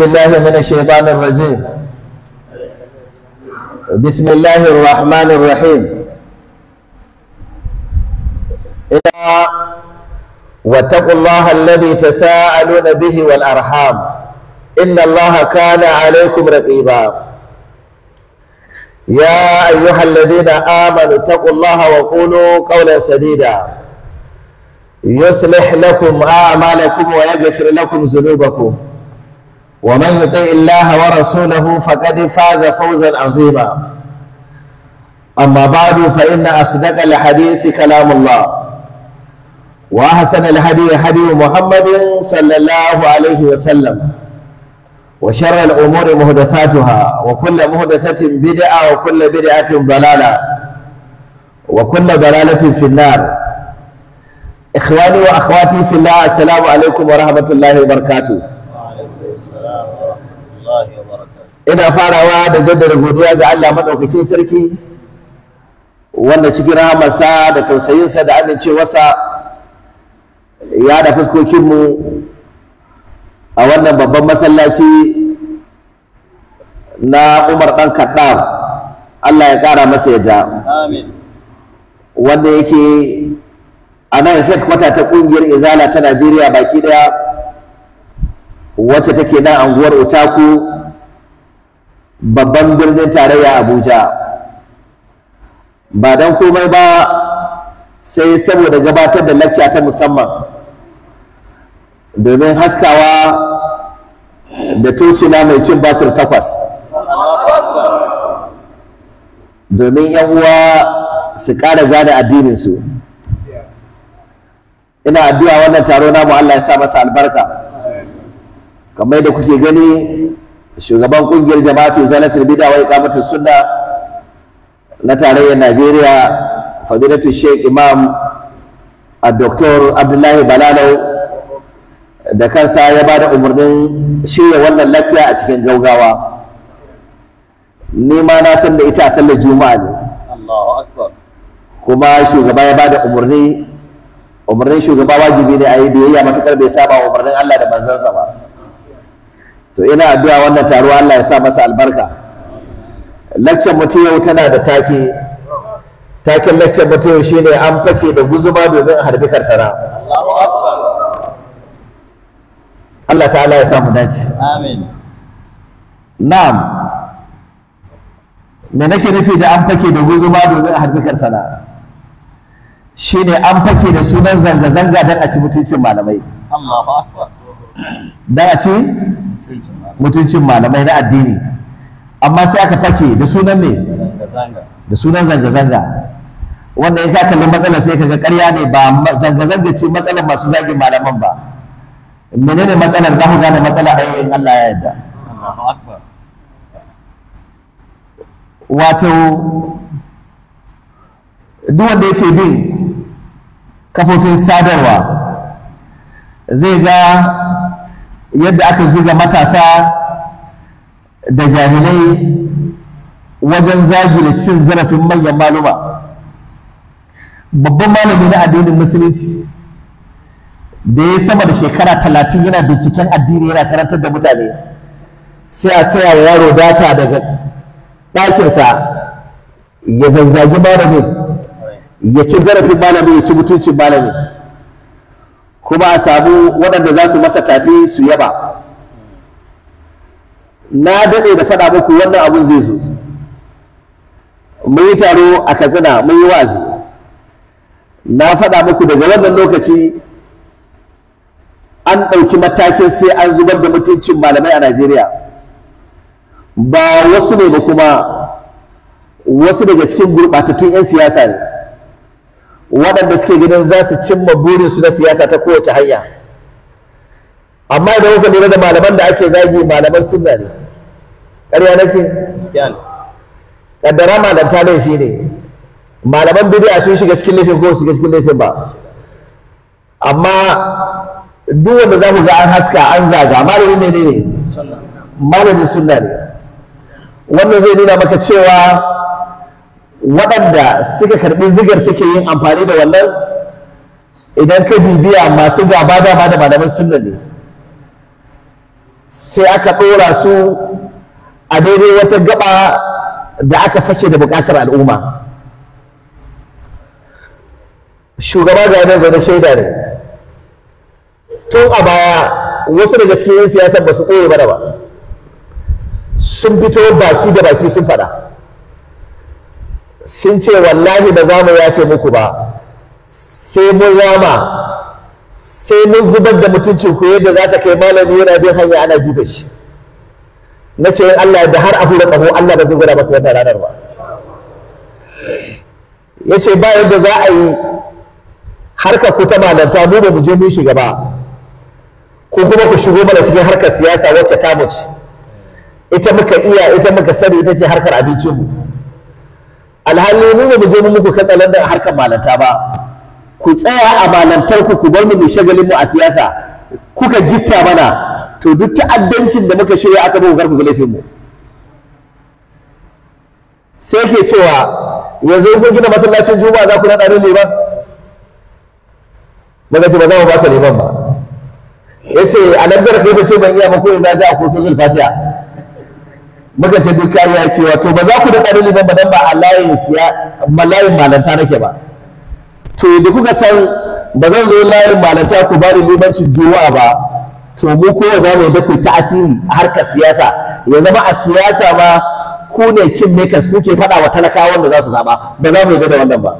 بالله من الشيطان الرجيم بسم الله الرحمن الرحيم واتقوا الله الذي تساءلون به والأرحام إن الله كان عليكم رقيبا يا أيها الذين آمنوا اتقوا الله وقولوا قولا سديدا يصلح لكم أعمالكم ويغفر لكم ذنوبكم ومن يطع الله ورسوله فقد فاز فوزا عظيما أما بعد فإن أصدق الحديث كلام الله وأحسن الهدي هدي محمد صلى الله عليه وسلم وشر الأمور محدثاتها وكل محدثة بدعة وكل بدعة ضلالة وكل ضلالة في النار إخواني وأخواتي في الله السلام عليكم ورحمة الله وبركاته ina farawa da jaddada godiya ga Allah madaukakin sarki wanda cikin rahamarsa da tausayinsa da amincewarsa ya da fuskokinmu a wannan babban masallaci na Umar dan Kaddam Allah ya ƙara masa yadda wanda yake a nan headquarter ta kungiyar Izala ta Najeriya baki ɗaya wacce take nan anguwar Utaku babban birnin tarayya Abuja ba dan komai ba sai saboda gabatar da lacca ta musamman domin haskawa da tocina mai cin batir takwas domin yan uwa su ƙara gane addininsu ina addu'a wannan taro na mu Allah ya sa masa albarka kamar yadda kuke gani shugaban kungiyar jama'atu zalatul bid'a wa iqamatus sunna na tarayyar Najeriya fadilatu Sheikh Imam Dr. Abdullahi Balalau da kansa ya bada umarnin shirya wannan lacca a cikin gaugawa ni ma na san da ita sallar juma'a ne kuma shugaba ya bada umarni umarnin shugaba wajibi ne a yi biyayya matukar bai saba umarnin Allah da manzansa ba to ina addu'a wannan taruwa Allah ya sa masa albarka lakcin mutum yau tana da take taken lakcin mutum yau shine an fake da guzuma domin harbi karsana Allah ta'ala ya sa mu dace amin na'am me nake nufi da an fake da guzuma domin harbi karsana shine an fake da sunan zanga-zanga don a ci mutuncin malamai don a ci mutuncin malamai na addini amma sai aka fake da sunan ne da sunan zanga-zanga wannan ya kalli matsalar sai kaga karya ne ba zanga-zanga ce matsalar masu zagin malaman ba menene matsalar za ku gane matsalar ayoyin Allah ya yarda wato duk wanda yake bin kafofin sadarwa zai ga yadda aka zuga matasa da jahilai wajen zagi da cin zarafin manyan maluma babban malami na addinin musulunci da ya sama da shekara talatin yana binciken addini yana karantar da mutane sai a saya wa yaro data daga ɗakinsa ya zazzagi malamin ya ci zarafin malamin ya ci mutuncin malamin kuma a samu waɗanda za su masa tafi su yaba na daɗe da faɗa muku wannan abun zai zo mun yi taro a katsina mun yi wazi na faɗa muku daga wannan lokaci an ɗauki matakin sai an zubar da mutuncin malamai a najeriya ba wasu ne ba kuma wasu daga cikin gurɓatattun 'yan siyasa ne waɗanda suke ganin za su cimma burinsu na siyasa ta kowace hanya amma idan kuka lura da malaman da ake zagi malaman sunna ne ƙarya nake kaddara malanta laifi ne malaman bid'a sun shiga cikin laifin ko shiga cikin laifin ba amma duk wanda za ku ga an haska an zaga malamin ne ne malamin sunna ne wannan zai nuna maka cewa waɗanda suka karɓi zigar suke yin amfani da wannan idan ka bibiya masu gaba dama da malaman sunna ne sai aka ɗora su a daidai wata gaba da aka sake da buƙatar al'umma shugaba ga yanar zaune shaida ne tun a baya wasu daga cikin 'yan siyasar ba su ɓoye da ba sun fito baki da baki sun faɗa sun ce wallahi ba za mu yafe muku ba sai mun rama sai mun zubar da mutuncin ku yadda za ta kai malami yana bin hanya ana jibe shi na ce Allah da har abu da ƙaho Allah ba zai gwada maka wannan ranar ba ya ce ba yadda za a yi harka ku ta malanta mu ba mu je mu shiga ba ko kuma ku shigo mana cikin harkar siyasa wacce ta mu ita muka iya ita muka sani ita ce harkar abincinmu mu alhali mu ba mu je mu muku katsalar da harkar malanta ba ku tsaya a malantar ku ku bar mu shagalin mu a siyasa kuka gitta mana to duk ta'addancin da muka shirya aka muku karku laifin mu sai ke cewa yanzu kun gina masallacin juma'a za ku naɗa ne liman muka ce ba za mu baka liman ba yace a nan gara kai ba ce ban iya ba ko in za a ko sojin muka ce duk kariya ce wato ba za ku da ƙarin ba dan ba a layin siya malayin malanta nake ba to da kuka san ba zan zo layin malanta ku ba ni limancin duwa ba to mu kowa za mu da ku ta'asiri a harkar siyasa ya zama a siyasa ma ku ne kin makers kuke faɗawa wa talaka da za su zaba, ba za mu yi da wannan ba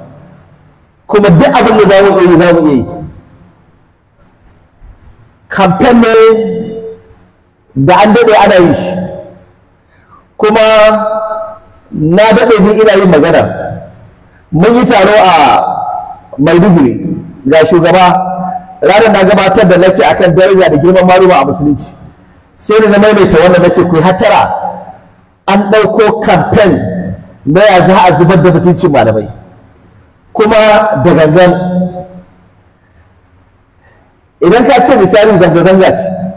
kuma duk abin da za mu yi za mu yi kamfen da an dade ana yi shi kuma na daɗe ni ina yin magana mun yi taro a maiduguri ga shugaba ranar na gabatar da lacce akan daraja da girman maluma a musulunci sai da na maimaita wanda na ce kai hattara an ɗauko kamfen na ya za a zubar da mutuncin malamai kuma da gangan idan ka ce misali zanga-zanga ce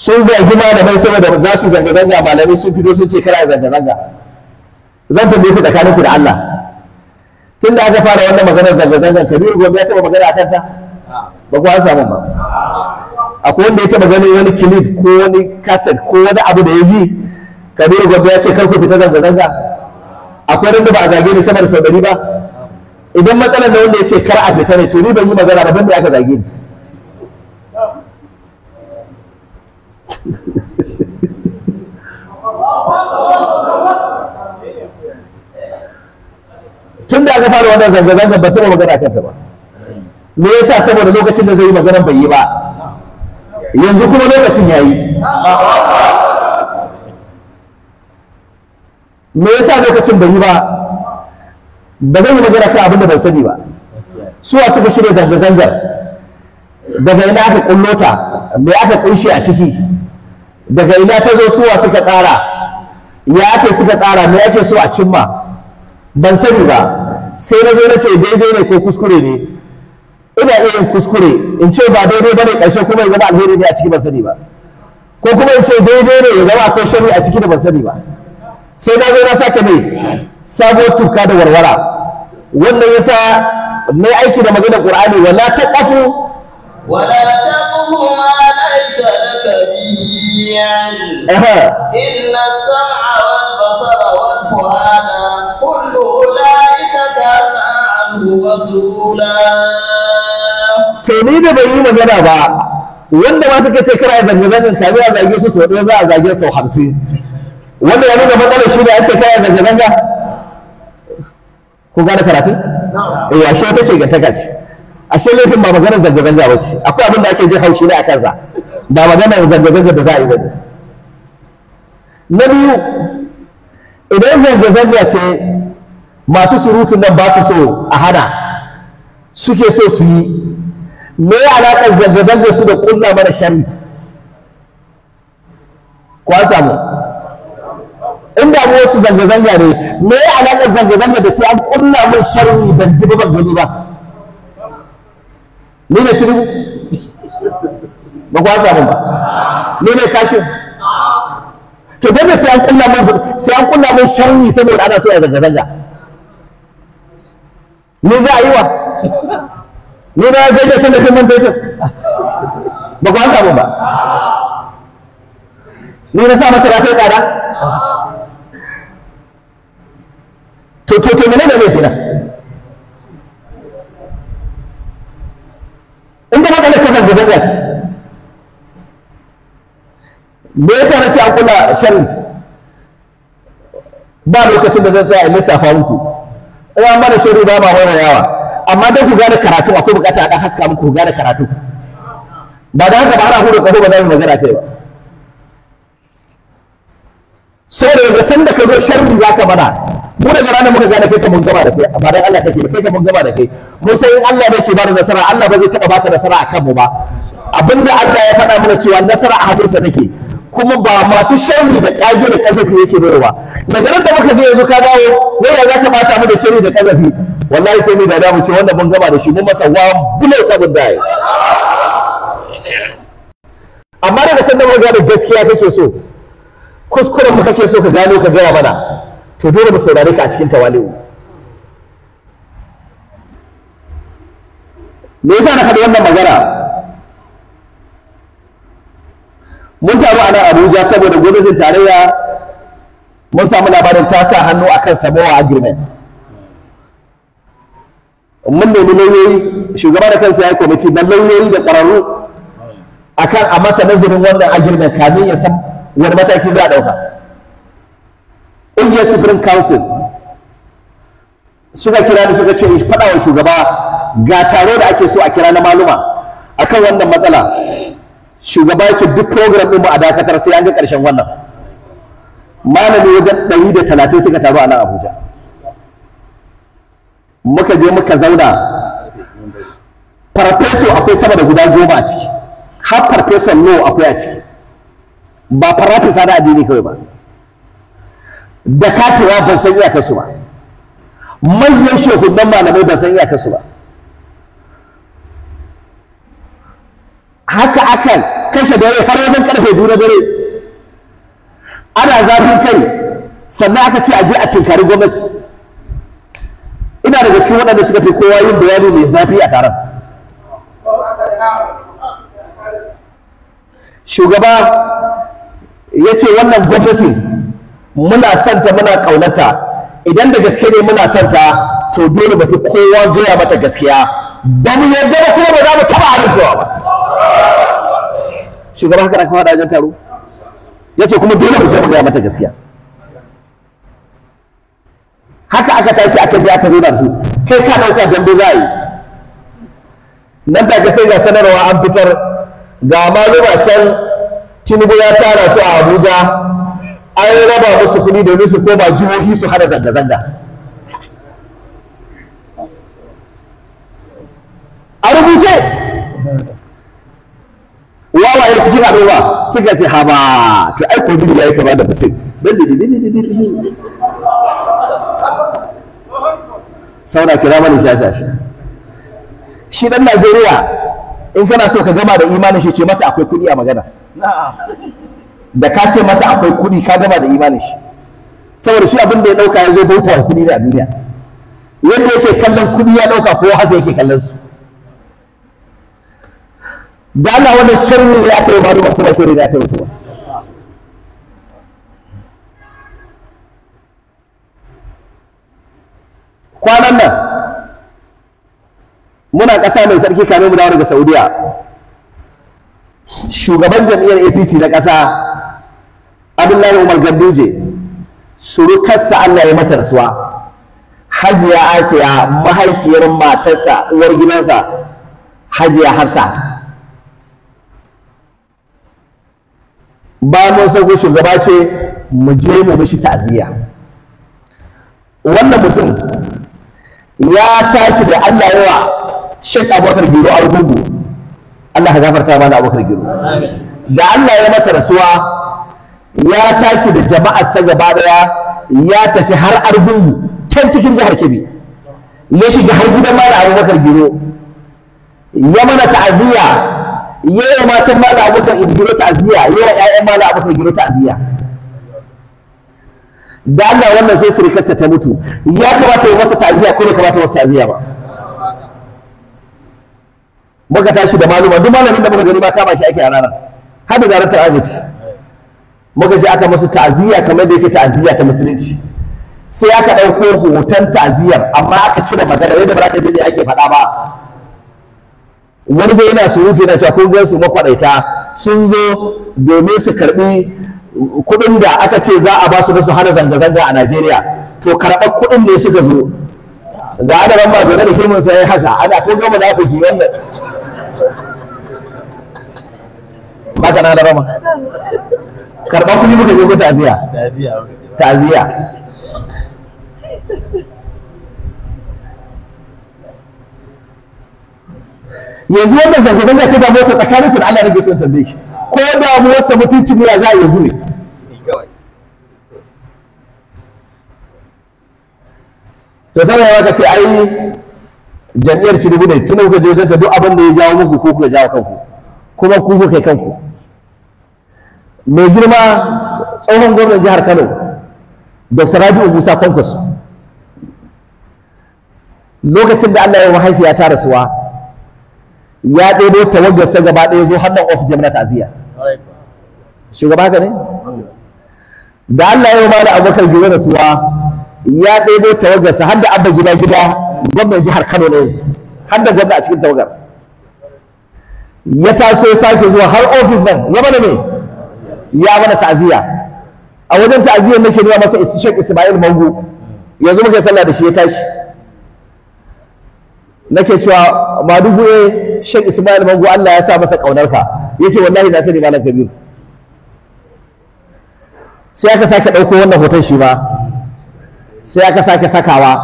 sun zargi malamai saboda za su zanga-zanga malamai sun fito sun ce a zanga-zanga zan tambaye ku tsakaninku da Allah tun da aka fara wannan maganar zanga zangan kabiru gobe ya taɓa magana a kanta ba ku an samu ba akwai wanda ya taɓa ganin wani clip ko wani kasar ko wani abu da ya ji kabiru gobe ya ce kar fita zanga-zanga akwai wanda ba a zage ni sama da sau ba idan matsalar da wanda ya ce kar a fita ne to ni ban yi magana ba ban da aka zage ni tun da aka fara wannan zanga-zanga ba taɓa magana kanta ba me yasa saboda lokacin da zai yi magana bai yi ba yanzu kuma lokacin ya yi me yasa lokacin bai yi ba ba zan yi magana kan abin da ban sani ba suwa suka shirya zanga-zangar daga ina aka kullo ta me aka kunshi a ciki daga ina ta zo suwa suka tsara ya ake suka tsara me ake so a cimma ban sani ba sai na zo na ce daidai ne ko kuskure ne ina iya kuskure in ce ba daidai ba ne ƙarshe kuma ya zama alheri ne a ciki ban sani ba ko kuma in ce daidai ne ya zama akwai shari a ciki da ban sani ba sai na zo na sake ne sabuwar tuka da warwara wannan yasa na aiki da magana ƙur'ani wala ta ƙafu wala ta نسيان إن السمع والبصر والفؤاد كل أولئك كان عنه مسؤولا Tauni da bai yi magana ba, wanda ma suka ce kira zanga-zangan kamiya zage su sau ɗaya za a zage sau hamsin. Wanda ya nuna matsalar shi da ya ce kira zanga-zanga? Kun gane karatun? Eh, ashe wata gaci. A shi laifin ba maganar zanga-zanga ba ce. Akwai abin da ake ji haushi ne a kansa. ba maganar zanga-zanga da za a yi bane na biyu idan zanga-zanga ce masu surutun nan ba su so a hana suke so su yi me ya alaƙa zanga-zanga su da kunna mana shari ko an samu in damuwar su zanga-zanga ne me ya alaƙa zanga-zanga da sai an kunna min shari ban ji ba ban gani ba ni ne tunubu ba kuwa samun ba ne ne kashi to dole sai an kulla mun sai an kulla mun sharri saboda ana so a zanga zanga ni za a yi wa ni za a da tun da kin manta ba kuwa samun ba ni na sa masa ba kai tsada to to to menene ne fina inda matsalar kasar da zanga me yasa na ce an kula shan ba lokacin da zan tsaya in lissafa muku Uwa mana bada sharri ba ba wani yawa amma don ku gane karatu akwai bukata a dan haska muku ku gane karatu ba da haka ba har hudu kaso ba za mu magana kai ba saboda daga san da ka zo sharri za ka bana mu daga ranar muka gane kai ka mun gaba da kai ba dan Allah kake kai ka mun gaba da kai mu sai in Allah ne ke bada nasara Allah ba zai taba baka nasara akan mu ba abinda Allah ya faɗa mana cewa nasara a hannunsa take kuma ba masu sharri da ƙage da ƙazafi yake ba Da nan da muka je yanzu ka dawo waya za ka bata mu da sharri da ƙazafi wallahi sai mu da damu ce wanda mun gama da shi mun masa wa bule sabon dai amma daga sanda mun gane gaskiya kake so kuskuren mu kake so ka gano ka gaya mana to dole mu saurare ka a cikin tawali'u me yasa na faɗi wannan magana mun taru a nan abuja saboda gwamnatin tarayya mun samu labarin ta sa hannu akan samowa agreement mun nemi lauyoyi shugaba da kansa ya yi kwamiti na lauyoyi da ƙwararru kan a masa nazarin wannan agreement kamin ya san wani mataki za a ɗauka ƙungiyar supreme council suka kira da suka ce faɗa wa shugaba ga taro da ake so a kira na maluma akan wannan matsala shugaba yake duk program ɗin ba a dakatar sai an ga ƙarshen wannan malami wajen ɗari da talatin suka taru a nan abuja muka je muka zauna farfeso akwai sama da guda goma a ciki har farfeson no akwai a ciki ba farafisa na addini kawai ba da katira ban san iyakarsu ba manyan shehunan malamai ban san iyakarsu ba haka akan kashe dare har wajen karfe biyu na dare ana zafin kai sannan aka ce a je a tinkari gwamnati ina daga cikin waɗanda suka fi kowa yin bayani mai zafi a taron shugaba ya ce wannan gwamnati muna santa muna ƙaunata idan da gaske ne muna santa to dole ba fi kowa gaya mata gaskiya ba mu yarda ba kuma ba za mu taɓa amincewa ba shugaba haka kuma da wajen taro ya ce kuma dole ku karɓi gaya mata gaskiya haka aka tashi aka ji aka zauna da su kai ka dauka dambe za a yi nan take sai ga sanarwa an fitar ga maluma can tinubu ya tara su a abuja an raba musu kuɗi domin su koma jihohi su hada zanga-zanga a rubuce waye cikin al'umma suka ce ba to ai ko ya yi kama da mutum dan da didi saura kira mana shashasha shi dan Najeriya in kana so ka gama da imanin shi ce masa akwai kuɗi a magana da ka ce masa akwai kuɗi ka gama da imanin shi saboda shi abin da ya ɗauka ya zo bauta kudi ne a duniya yadda yake kallon kuɗi ya ɗauka ko haka yake kallon su da Allah wannan sharri ne yi ba da kuma sharri da ta yi ba kwanan nan muna ƙasa mai sarki kame mu dawo daga saudiya shugaban jam'iyyar apc na ƙasa abdullahi umar ganduje surukarsa allah ya mata rasuwa hajiya asiya mahaifiyar matarsa uwar gidansa hajiya hafsa ba mun san ko shugaba ce mu je mu mishi ta'aziyya wannan mutum ya tashi da Allah yawa Sheikh Abubakar Giro Argungu Allah ya gafarta mana Abubakar Giro da Allah ya masa rasuwa ya tashi da jama'ar sa gaba daya ya tafi har Argungu can cikin jihar Kebbi ya shiga har gidan Malam Abubakar Giro ya mana ta'aziyya yawa matan mala abokan giro ta'aziyya yawa ƴaƴan mala abokan giro ta'aziyya da Allah wannan sai surukarsa ta mutu ya kamata ya masa ta'aziyya ko bai kamata masa ta'aziyya ba muka tashi da maluma duk malamin da muka gani ma kama shi ake a ranar har da zarar ta'azici muka je aka masu ta'aziyya kamar da yake ta'aziyya ta musulunci sai aka ɗauko hoton ta'aziyyar amma aka cire magana yadda ba za ta je ne ake faɗa ba wani da yana surutu yana cewa kun su makwaɗaita sun zo domin su karɓi kuɗin da aka ce za a ba su da su hana zanga-zanga a Najeriya to karɓar kuɗin ne suka zo ga adaban ba zo da firmin sai haka ana kun gama da ku wannan baka na da rama karɓar kuɗi muka je ku ta'aziya ta'aziya yanzu wannan zanga-zanga ce damuwar sa tsakanin da Allah rage son tambaye shi ko damuwar sa mutuncin mu ya za a yanzu ne to sai ya ka ce ai jami'ar tinubu ne tun kuka je ta duk abin da ya jawo muku ko kuka jawo kanku kuma ku kuka kai kanku mai girma tsohon gwamnan jihar Kano Dr. Rabi'u Musa Kwankwaso lokacin da Allah ya yi mahaifiya ta rasuwa ya ɗebo tawagarsa gaba ɗaya zo har nan ofis ya mana ta'aziyya shugaba ka ne da Allah ya mala abokan gida da suwa ya ɗebo tawagarsa har da abba gida gida gwamnan jihar Kano ne har da gwamna a cikin tawagar ya taso sake zuwa har ofis nan ya mana ne ya mana ta'aziyya a wajen ta'aziyyar nake nuna masa Sheikh Ismail Mangu yanzu muke sallah da shi ya tashi nake cewa Madugu eh Sheikh Ismail Mago Allah ya sa masa ƙaunarka ya ce wallahi na sani Malam Kabir sai aka sake ɗauko wannan hoton shi ba sai aka sake sakawa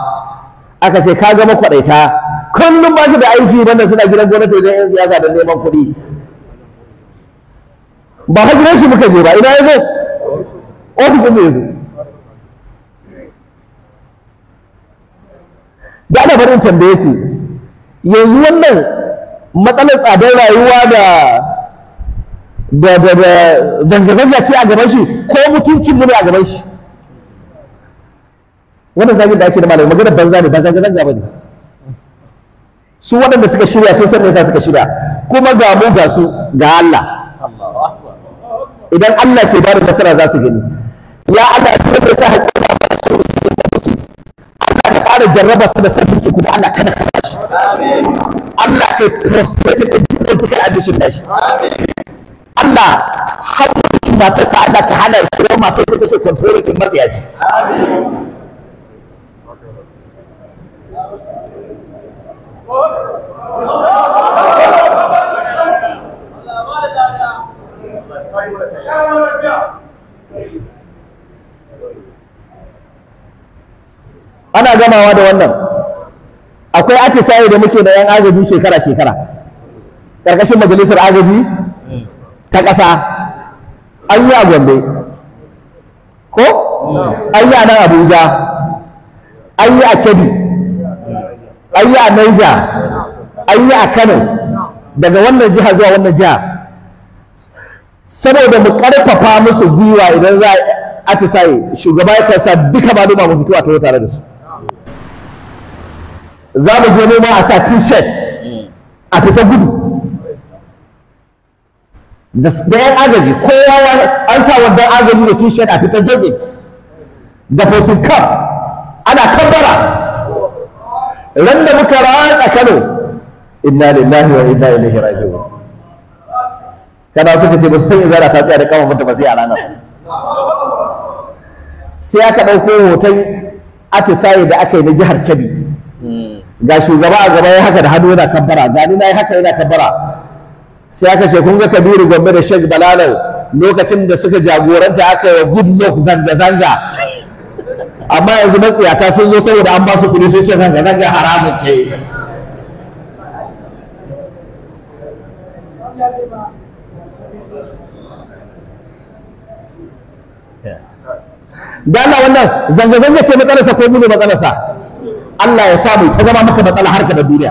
aka ce ka gama kwaɗaita kullum ba su da aiki banda suna gidan gwamnati wajen 'yan siyasa da neman kuɗi ba ka gidan shi muka je ba ina ya zo ofisin ne ya zo da ana barin tambaye ku yanzu wannan matsalar tsadar rayuwa da da da da zanga-zanga ce a gaban shi ko mutuncin ne a gaban shi wannan zagin da ake da malamai magana banza ne ba zanga-zanga ba ne su waɗanda suka shirya sun san me suka shirya kuma ga mu ga su ga Allah idan Allah ke bada nasara za su gani ya Allah ya sa hakika Allah ka ƙara jarraba su da sarki kuma Allah kada ka Allah kai prophetic political hana shi ana gamawa da wannan akwai atisaye da muke da yan agaji shekara shekara ƙarƙashin majalisar agaji ta ƙasa an yi a gombe ko an yi a nan abuja an yi a kebbi an yi a naija an yi a kano daga wannan jiha zuwa wannan jiha saboda mu ƙarfafa musu gwiwa idan za a atisaye shugaba ya sa duka maluma mu fito yi tare da su za mu je noma a sa t-shirt a fita gudu da yan agaji kowa an sa wanda agaji da t-shirt a fita jirgin da fosin cup ana kabbara ran da muka ratsa kano inna lillahi wa inna ilaihi raji'un kana suka ce ba su san izara ta tsaya da kama mata ba sai a ranar sai aka ɗauko hoton atisaye da aka yi na jihar kebbi ga shugaba a gaba ya haka da hannu yana kabbara gani na yi haka yana kabbara sai aka ce kun ga kabiru gombe da shek balalau lokacin da suka jagoranta aka yi wa good luck zanga-zanga amma yanzu matsiyata sun zo saboda an ba su kuɗi sun ce zanga-zanga haramun ce da wannan zanga-zanga ce matsalarsa ko mini matsalarsa Allah ya samu ta zama maka matsala harka da duniya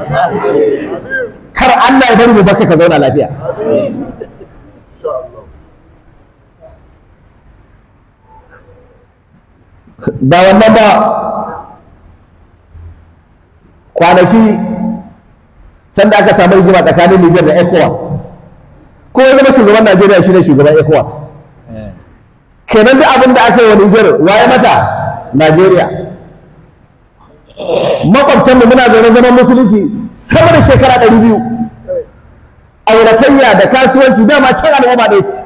kar Allah ya bari mu baka ka zauna lafiya ba wannan ba kwanaki sanda aka samu rigima tsakanin Niger da ECOWAS ko ya zama shugaban Najeriya shi ne shugaban ECOWAS eh. kenan duk abin da aka yi wa Niger waye mata Najeriya makwabtanmu muna zaune zaman musulunci sama da shekara ɗari biyu auratayya da kasuwanci dama can al'umma ne shi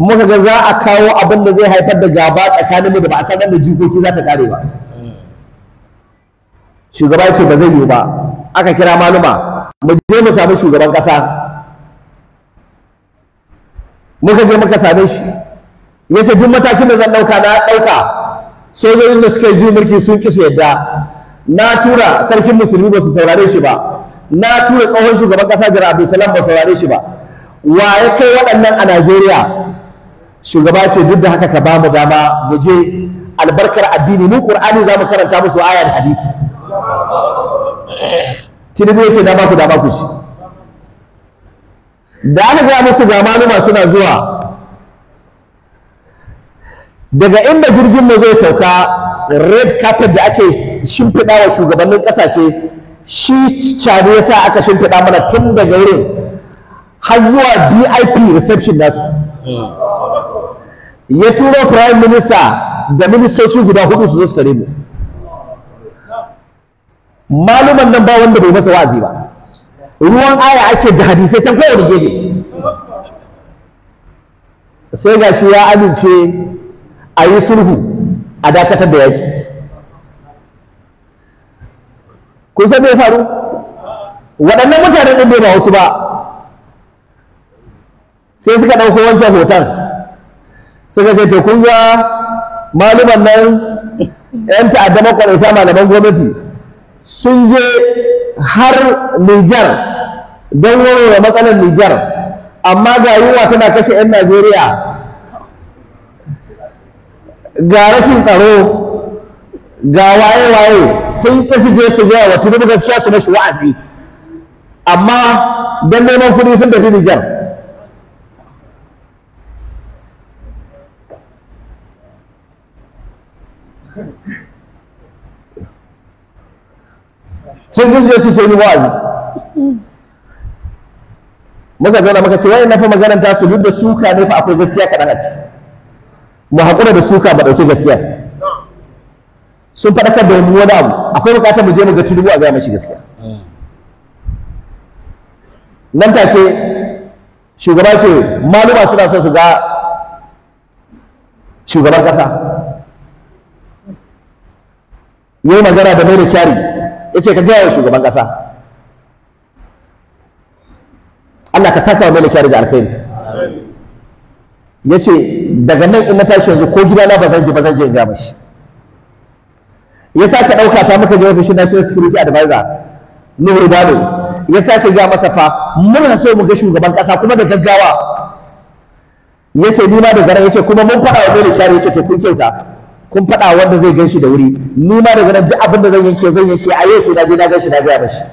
muka ga za a kawo abin da zai haifar da gaba tsakaninmu da ba a san da jikoki za ta kare ba shugaba ya ce ba zai yi ba aka kira maluma mu je mu sami shugaban ƙasa muka je muka same shi ya ce duk matakin da zan ɗauka na ɗauka sojojin da suka yi mulki sun ƙi su yadda na tura sarkin musulmi ba su saurare shi ba na tura tsohon shugaban ƙasa jira abdulsalam ba saurare shi ba wa ya kai waɗannan a najeriya shugaba ce duk da haka ka ba mu dama mu je albarkar addini mu qur'ani za mu karanta musu ayar hadisi tinubu ya ce na ba ku dama ku ci da aka gaya musu ga maluma suna zuwa daga inda jirgin mu zai sauka red carpet da ake shimfiɗa wa shugabannin ƙasashe shi cani ya sa aka shimfiɗa mana tun daga wurin har zuwa vip reception nasu hmm. ya turo prime minister da ministoci guda hudu su zo su tare mu maluman nan ba wanda bai masa wa'azi ba ruwan aya ake da hadisai ta kowane gebe sai ga shi ya amince a yi sulhu a dakatar da yaki kun san me faru waɗannan mutanen ɗin bai ba wasu ba sai suka ɗauko wancan hoton suka ce to kun ga maluman nan 'yan ta'adda makwarauta malaman gwamnati sun je har Nijar don warware matsalar Nijar amma ga yunwa tana kashe 'yan Najeriya ga rashin tsaro ga waye-waye sun ƙi su je su gaya wa duk gaskiya su mashi wa'azi amma don neman kuɗi sun tafi Nijar sun gusu su je ce yi wa'azi muka zauna muka ce wani na fi maganar tasu duk da suka ne fa akwai gaskiya kaɗan a ciki mu haƙura da suka ba ɗauki gaskiya sun faɗakar da wani wani abu akwai buƙatar mu je mu ga tulubu a gaya mashi gaskiya nan take shugaba ce maluma suna son su ga shugaban ƙasa ya yi magana da mai da kyari ya ce ka gaya wa shugaban ƙasa Allah ka saka wa mai da kyari da alkhairi ya ce daga nan in na tashi yanzu ko gidana ba zan je ba zan je in gama shi ya sa ka ɗauka ta muka je fashin national security advisor na balo ya sa ka ga masa fa muna so mu ga shugaban ƙasa kuma da gaggawa ya ce nuna da garan ya ce kuma mun faɗa wa dole kyare ya ce to kun kyauta kun faɗa wanda zai gan shi da wuri nuna da garan duk abin da zan yanke zan yanke a yau sai na je na gan shi na gaya mashi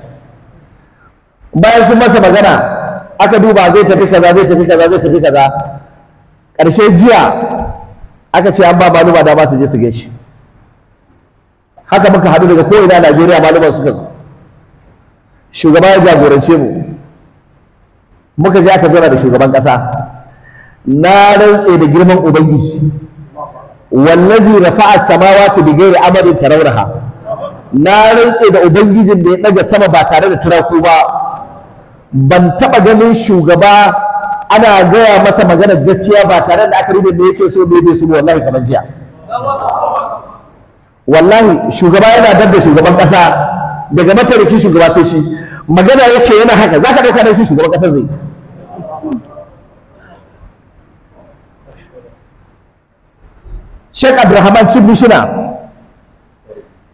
bayan sun masa magana aka duba zai tafi kaza zai tafi kaza zai tafi kaza ƙarshe jiya aka ce an ba maluma da ba su je su shi haka muka haɗu daga ko'ina Najeriya maluman suka zo shugaba ya jagorance mu muka je aka zauna da shugaban ƙasa na rantse da girman ubangiji wallazi rafa'a samawati bi ghairi ta tarawraha na rantse da ubangijin da ya ɗaga sama ba tare da turaku ba ban taɓa ganin shugaba ana gaya masa maganar gaskiya ba tare da aka da me yake so me bai so wallahi kamar jiya wallahi shugaba yana dab da shugaban kasa daga matarikin shugaba sai shi magana yake yana haka zaka ɗauka da shi shugaban kasa zai Sheikh Abdulrahman Chief Shina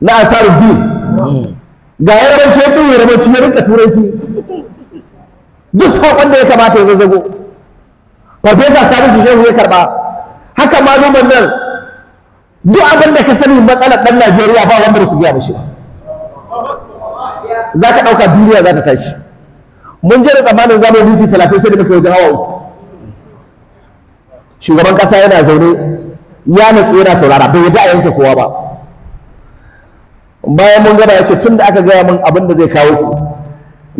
na Asaruddin ga yarabanci ya turanci ya rinka turanci duk saƙon da ya kamata ya zazzago farfesa salisu shehu ya karba haka maluman nan duk abin da ka sani matsalar ɗan najeriya ba wanda su biya mishi ba za ka ɗauka duniya za ta tashi mun je da tsammanin zamu minti talatin sai da muka wajen hawa uku shugaban ƙasa yana zaune ya nutsu yana saurara bai yadda a yanke kowa ba bayan mun gaba ya ce tun da aka gaya min abin da zai kawo ku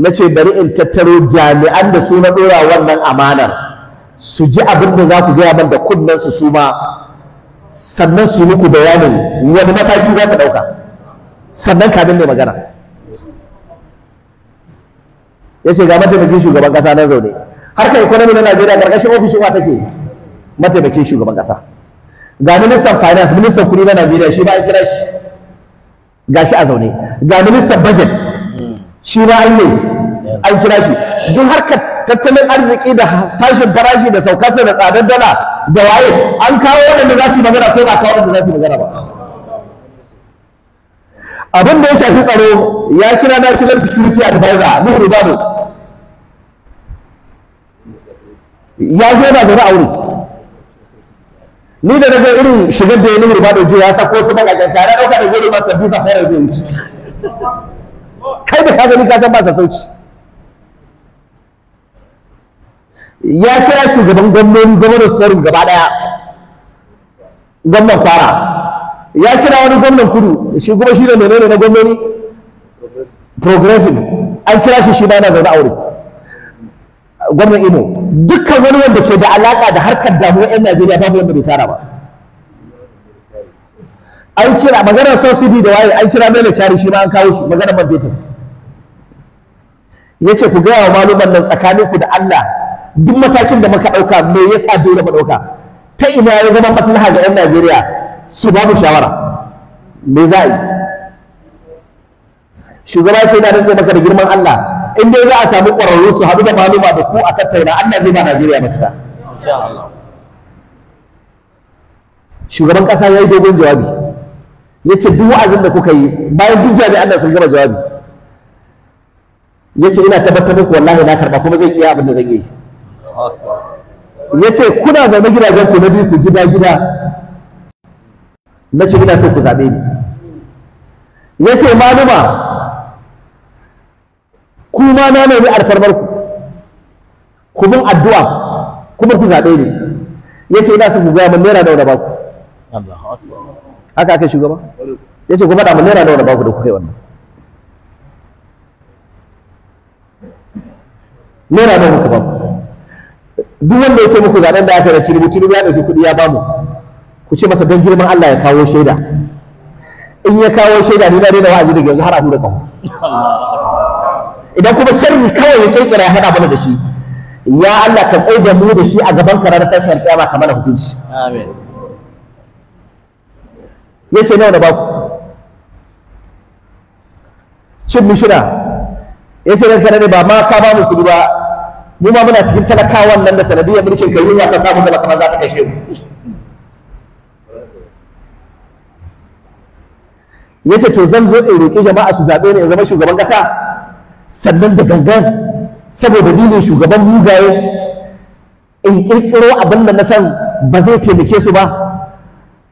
na ce bari in tattaro jami'an da su na ɗora wannan amanar su ji abin da za ku gaya man da kunnen su su ma sannan su muku bayanin wani mataki za su ɗauka sannan ka mai magana ya ce ga mataimakin shugaban ƙasa na zaune harkar ikonomi na najeriya ƙarƙashin ofishin wa take mataimakin shugaban ƙasa ga ministan finance ministan kuɗi na najeriya shi ba an kira shi ga shi a zaune ga ministan budget shi ba an ne an kira shi duk harkar tattalin arziki da tashin farashi da saukarsa da tsadar dala da waye an kawo waɗanda za su yi magana ko ba kawo waɗanda za su yi magana ba abin da ya shafi tsaro ya kira national security advisor nuhu zamu ya zo na zaune a wuri ni da daga irin shigar da ya nuhu ba da jiya ya ko su baka tare ɗauka da gudu masu sabbi sa fara zai wuce kai da ka ni ka ba sa sauci ya kira shugaban gwamnoni gwamnan sarin gaba daya gwamnan fara ya kira wani gwamnan kudu shi kuma shi ne menene na gwamnoni progressive an kira shi shi bana yana zaune aure gwamnan imo dukkan wani wanda ke da alaka da harkar damuwar yan najeriya babu wanda bai tara ba an kira maganar subsidy da waye an kira mai kyari shi ma an kawo shi maganar man ya ce ku gaya wa maluman nan tsakaninku da allah duk matakin da muka ɗauka me yasa dole mu ɗauka ta ina ya zama maslaha ga 'yan Najeriya su ba mu shawara me za a yi shugaba ce na rantsa maka da girman Allah in dai za a samu ƙwararru su haɗu da maluma da ku a tattauna Allah zai ba Najeriya mafita shugaban ƙasa ya yi dogon jawabi ya ce duk wa'azin da kuka yi bayan duk jami'an nan sun gama jawabi ya ce ina tabbatar muku wallahi na karɓa kuma zan iya abin da zan yi ya ce kuna da na gidajen ku na biyu ku gida gida na ce gida sai ku zaɓe ni ya ce maluma ku ma na nemi alfarmar ku ku bin addu'a kuma ku zaɓe ni ya ce ina son ku gaya min naira nawa ba baku haka aka shugaba ya ce ku faɗa min naira nawa ba baku da kuka yi wannan naira nawa ba baku duk wanda ya ce muku zaben da aka yi tunubu tunubu ya ɗauki kuɗi ya bamu ku ce masa don girman Allah ya kawo shaida in ya kawo shaida ni na daina wa'azi daga yanzu har a tura kawo idan kuma sharri kawai ya kirkira ya haɗa mana da shi ya Allah ka tsaye da mu da shi a gaban karar tashin kyama kamar da hukunci Ya ce nawa da baku cin mishira ya ce ne ba ma ka ba mu kuɗi ba mu ma muna cikin talakawan nan da sanadiyar mulkin kai yunwa ta samu talakawa za ta kashe mu yace to zan zo in roƙi jama'a su zaɓe ni in zama shugaban ƙasa sannan da gangan saboda ni ne shugaban mugaye in ƙirƙiro abin da na san ba zai taimake su ba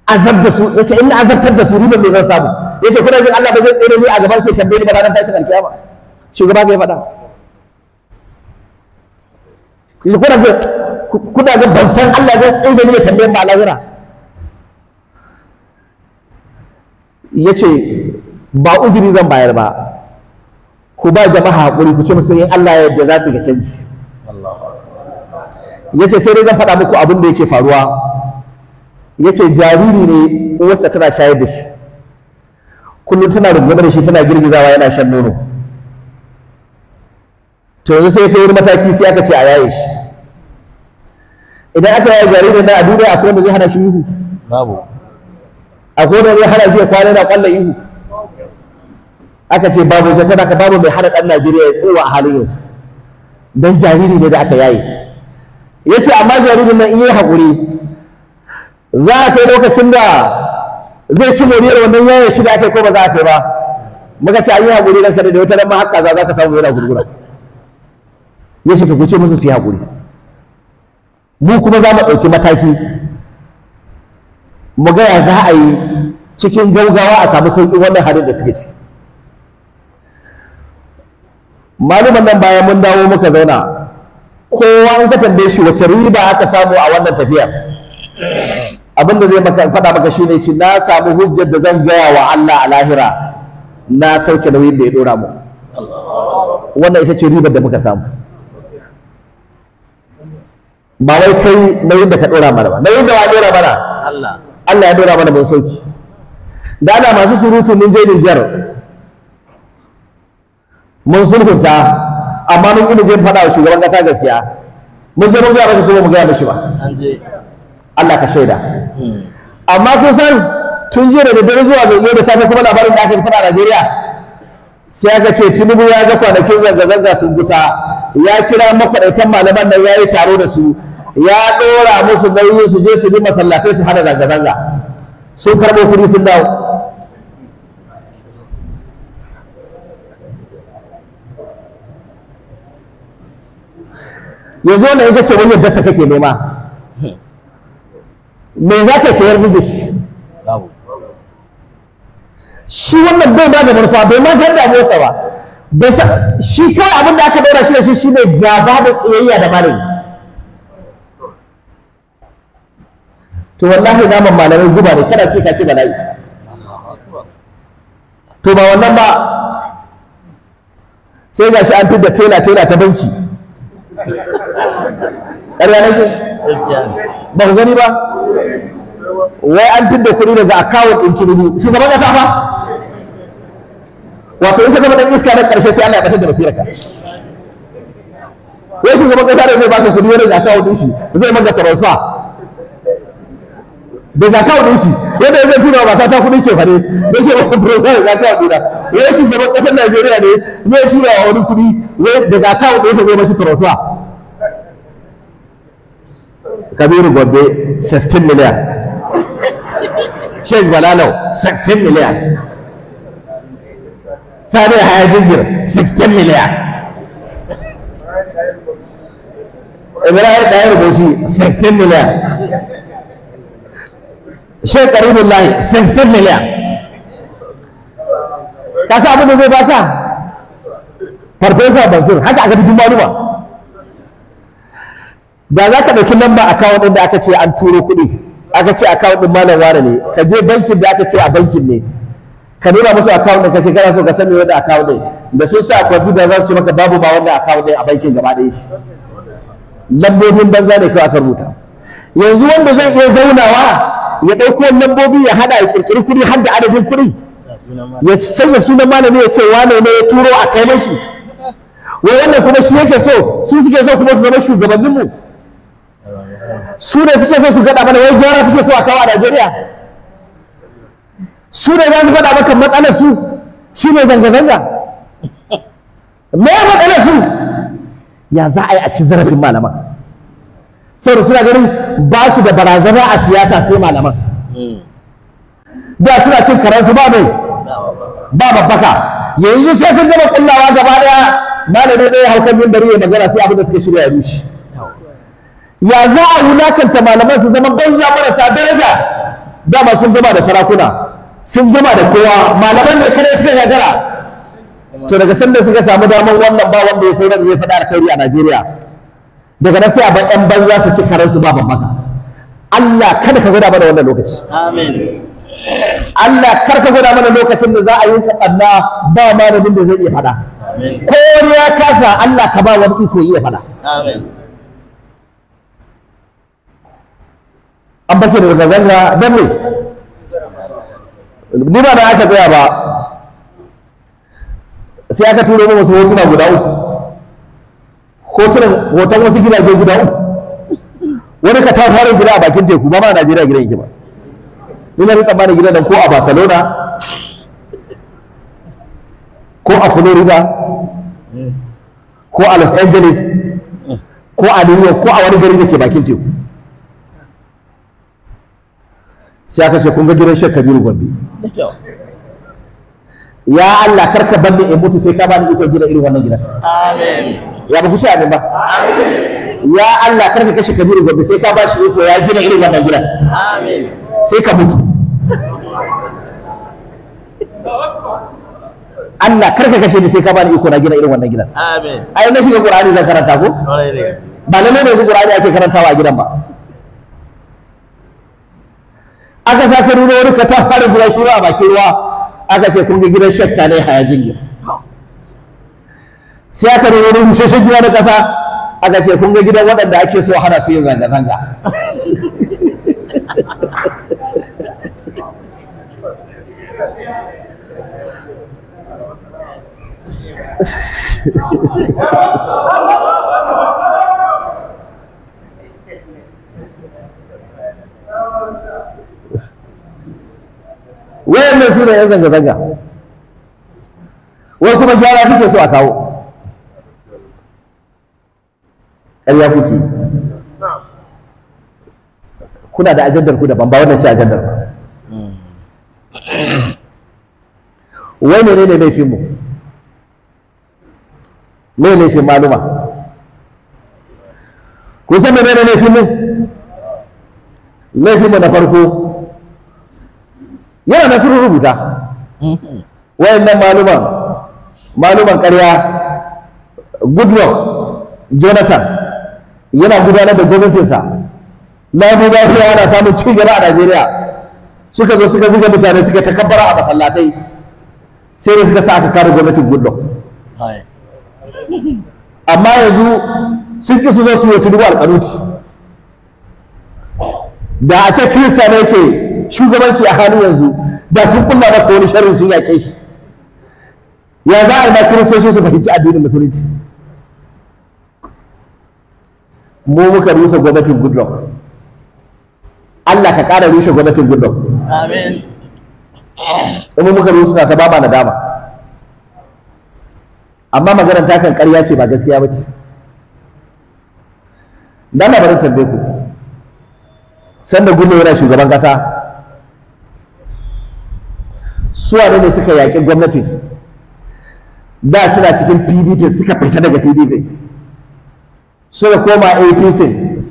azab da su yace in azabtar da su ni me zan samu yace kuna jin Allah ba zai tsere ni a gaban sai tambaye ni ba ranar tashin alkiyama shugaba bai faɗa kuna ga kuna ga ban san Allah zai tsaye da ni ba lahira yace ba uzuri zan bayar ba ku ba jama'a hakuri ku ce musu in Allah ya yarda za su ga canji yace sai dai zan faɗa muku abin da yake faruwa yace jariri ne uwarsa tana shayar da shi kullum tana rungume da shi tana girgizawa yana shan nono to yanzu sai ta yi mataki sai aka ce a yaye shi idan aka yaye jaririn nan a duniya akwai wanda zai hana shi ihu babu akwai wanda zai hana shi kwana na kwallon ihu aka ce babu sai sadaka babu mai hana dan Najeriya ya tsowa a halin yanzu dan jariri ne da aka yaye yace amma jaririn nan in yi hakuri za a kai lokacin da zai ci moriyar wannan yaye shi da aka yi ko ba za a kai ba muka ce an yi hakuri dan kada da wata ran ma za, za ka samu yana gurgura ya shi ku ce musu su yi haƙuri mu kuma za mu ɗauki mataki mu gaya za a yi cikin gaugawa a samu sauƙi wannan halin da suke ci maluman nan bayan mun dawo muka zauna kowa in ka tambaye shi wace riba aka samu a wannan tafiya abinda zai faɗa maka shine ci na samu hujjar da zan gaya wa Allah a lahira na sauke nauyin da ya ɗora mu wannan ita ce ribar da muka samu ba wai kai na yadda ka dora mana ba na yadda wa dora mana Allah Allah ya dora mana mun sauki da ana masu surutu mun je Niger mun sulhunta amma mun gudu je faɗa wa shugaban kasa gaskiya mun je mun ga masa kuma mu ga shi ba an je Allah ka shaida hmm. amma kun san tun jiya da dare zuwa yau da safe kuma labarin da aka fitar a Najeriya sai aka ce Tinubu ya ga kwanakin zanga-zanga sun gusa ya kira makwaɗaitan malaman nan ya yi taro da su ya ɗora musu nauyi su je su bi masallatai su hada zanga-zanga sun karɓo kuɗi sun dawo yanzu wannan ita ce wani dasa kake nema me za ka koyar da shi shi wannan bai ba da manufa bai ma jar damuwarsa ba shi kawai abin da aka daura shi da shi ne gaba da tsayayya da malami to wallahi naman malamai guba ne kada ce ka ce bala'i to ba wannan ba sai ga shi an tudda tela tela ta banki ƙarya nake ba ku gani ba wai an tudda kuɗi daga akawun ɗin kinubu shugaban ƙasa ba wato in ka zama ɗan iska na ƙarshe sai Allah ya ɓatar da basirarka wai shugaban ƙasa da zai ba ka kuɗi wani daga akawun ɗin shi zai maka transfer da zakawar din shi yadda zai tura ba ta ta kudin shefane da ke wani program da zakawar dina wai shugaban kasar Najeriya ne zai tura wa wani kudi wai da zakawar din sa zai mashi transfer Kabiru Gombe 16 miliyan Sheikh Balalau 16 miliyan Sani Haya Jingir 16 miliyan Ibrahim Dayar Bauchi 16 miliyan Shekaru karibin layi sensir miliyan ka sa abin da zai baka farfesa bansir haka aka bikin maluma da za ka ɗauki lamba akawun ɗin da aka ce an turo kuɗi aka ce akawun ɗin malam ware ne ka je bankin da aka ce a bankin ne ka nuna musu akawun ɗin ka ce kana so ka sani wanda akawun ɗin da sun sa akwai da za su maka babu ba a akawun ɗin a bankin gaba ɗaya lambobin banza ne kawai aka rubuta yanzu wanda zai iya zaunawa ya ɗauko lambobi ya hada ya ƙirƙiri kuɗi har da adadin kuɗi ya sanya sunan malami ya ce wane ne ya turo a kai mashi wai wannan kuma shi yake so su suke so kuma su zama shugabanninmu su ne suke so su gaɗa mana wai gyara suke so a kawo a Najeriya su ne za su gaɗa maka matsalar su shi ne zanga-zanga me matsalar su ya za a yi a ci zarafin malama da suna ganin ba su da barazana a siyasa sai malaman da suna cin karansu ba mai ba babbaka yanzu sai sun gama kullawa gaba daya malami ɗaya haukan min bari ya magana sai abin da suka shirya ya rushe ya za a wulakanta malaman su zama banza marasa daraja dama sun gama da sarakuna sun gama da kowa malaman da kada suka gagara to daga sanda suka samu damar wannan ba wanda ya sai da zai faɗa alkhairi a Najeriya daga nan sai a bar yan banza su ci su ba babbaka Allah kada ka gwada mana wannan lokaci amin Allah kar ka gwada mana lokacin da za a yi kaɗanna ba malamin da zai iya faɗa ko wani ya kasa Allah ka ba wani iko iya faɗa an bake da zanga-zanga don me ni ba da aka tsaya ba sai aka turo mu wasu hotuna guda uku hotunan hoton wasu gidaje guda uku wani ka tafarin gida a bakin teku ba ma Najeriya gidan yake ba ina da tsammanin gidan nan ko a Barcelona ko a Florida ko a Los Angeles ko a New York ko a wani gari da ke bakin teku sai aka ce kun ga gidan Sheikh Gombe ya Allah karka banda in mutu sai ka bani ikon gidan irin wannan gidan amen ya ba ku ba ya Allah karka kashe kabiru gobe sai ka shi iko ya gina irin wannan gidan sai ka mutu Allah karka kashe ni sai ka ni iko na gina irin wannan gidan amin ai na shiga Qur'ani zan karanta ko ba lalle ne Qur'ani ake karantawa a gidan ba aka ka ruwa wani ka ta fara fura shi a bakin ruwa aka ce kun ga gidan Sheikh ne Hayajin gidan sai aka nemi wurin shishigiyar ƙasa aka ce kun ga gidan waɗanda ake so hana su yin zanga-zanga wayan su suna yan zanga-zanga wai kuma gyara suke so a kawo ƙarya kuke kuna da ajandar ku daban ba wannan ce ajandar ba wai ne ne laifin mu ne laifin maluma ku san ne ne laifin mu laifin mu na farko yana na sun rubuta wayannan maluman maluman ƙarya goodluck jonathan yana gudanar da gwamnatinsa lafi lafiya yana samun ci gaba a Najeriya suka zo suka zuga mutane suka takabbara a masallatai sai da suka sa aka kare gwamnatin Goodluck amma yanzu sun ƙi su zo su yi dubu alƙanuti da a ce kirista ne ke shugabanci a halin yanzu da sun kunna masa wani sharri sun yaƙe shi ya za a yi ma kiristoci su fahimci addinin musulunci mu muka rusa gwamnatin goodluck Allah ka ƙara rushe gwamnatin goodluck amin in muka rusa ta ba na dama amma maganar ta kan ƙarya ce ba gaskiya ba ce dan labarin tambaye ku sanda gudu yana shugaban kasa. su ne suka yaƙi gwamnatin da suna cikin pdp suka fita daga pdp suka koma apc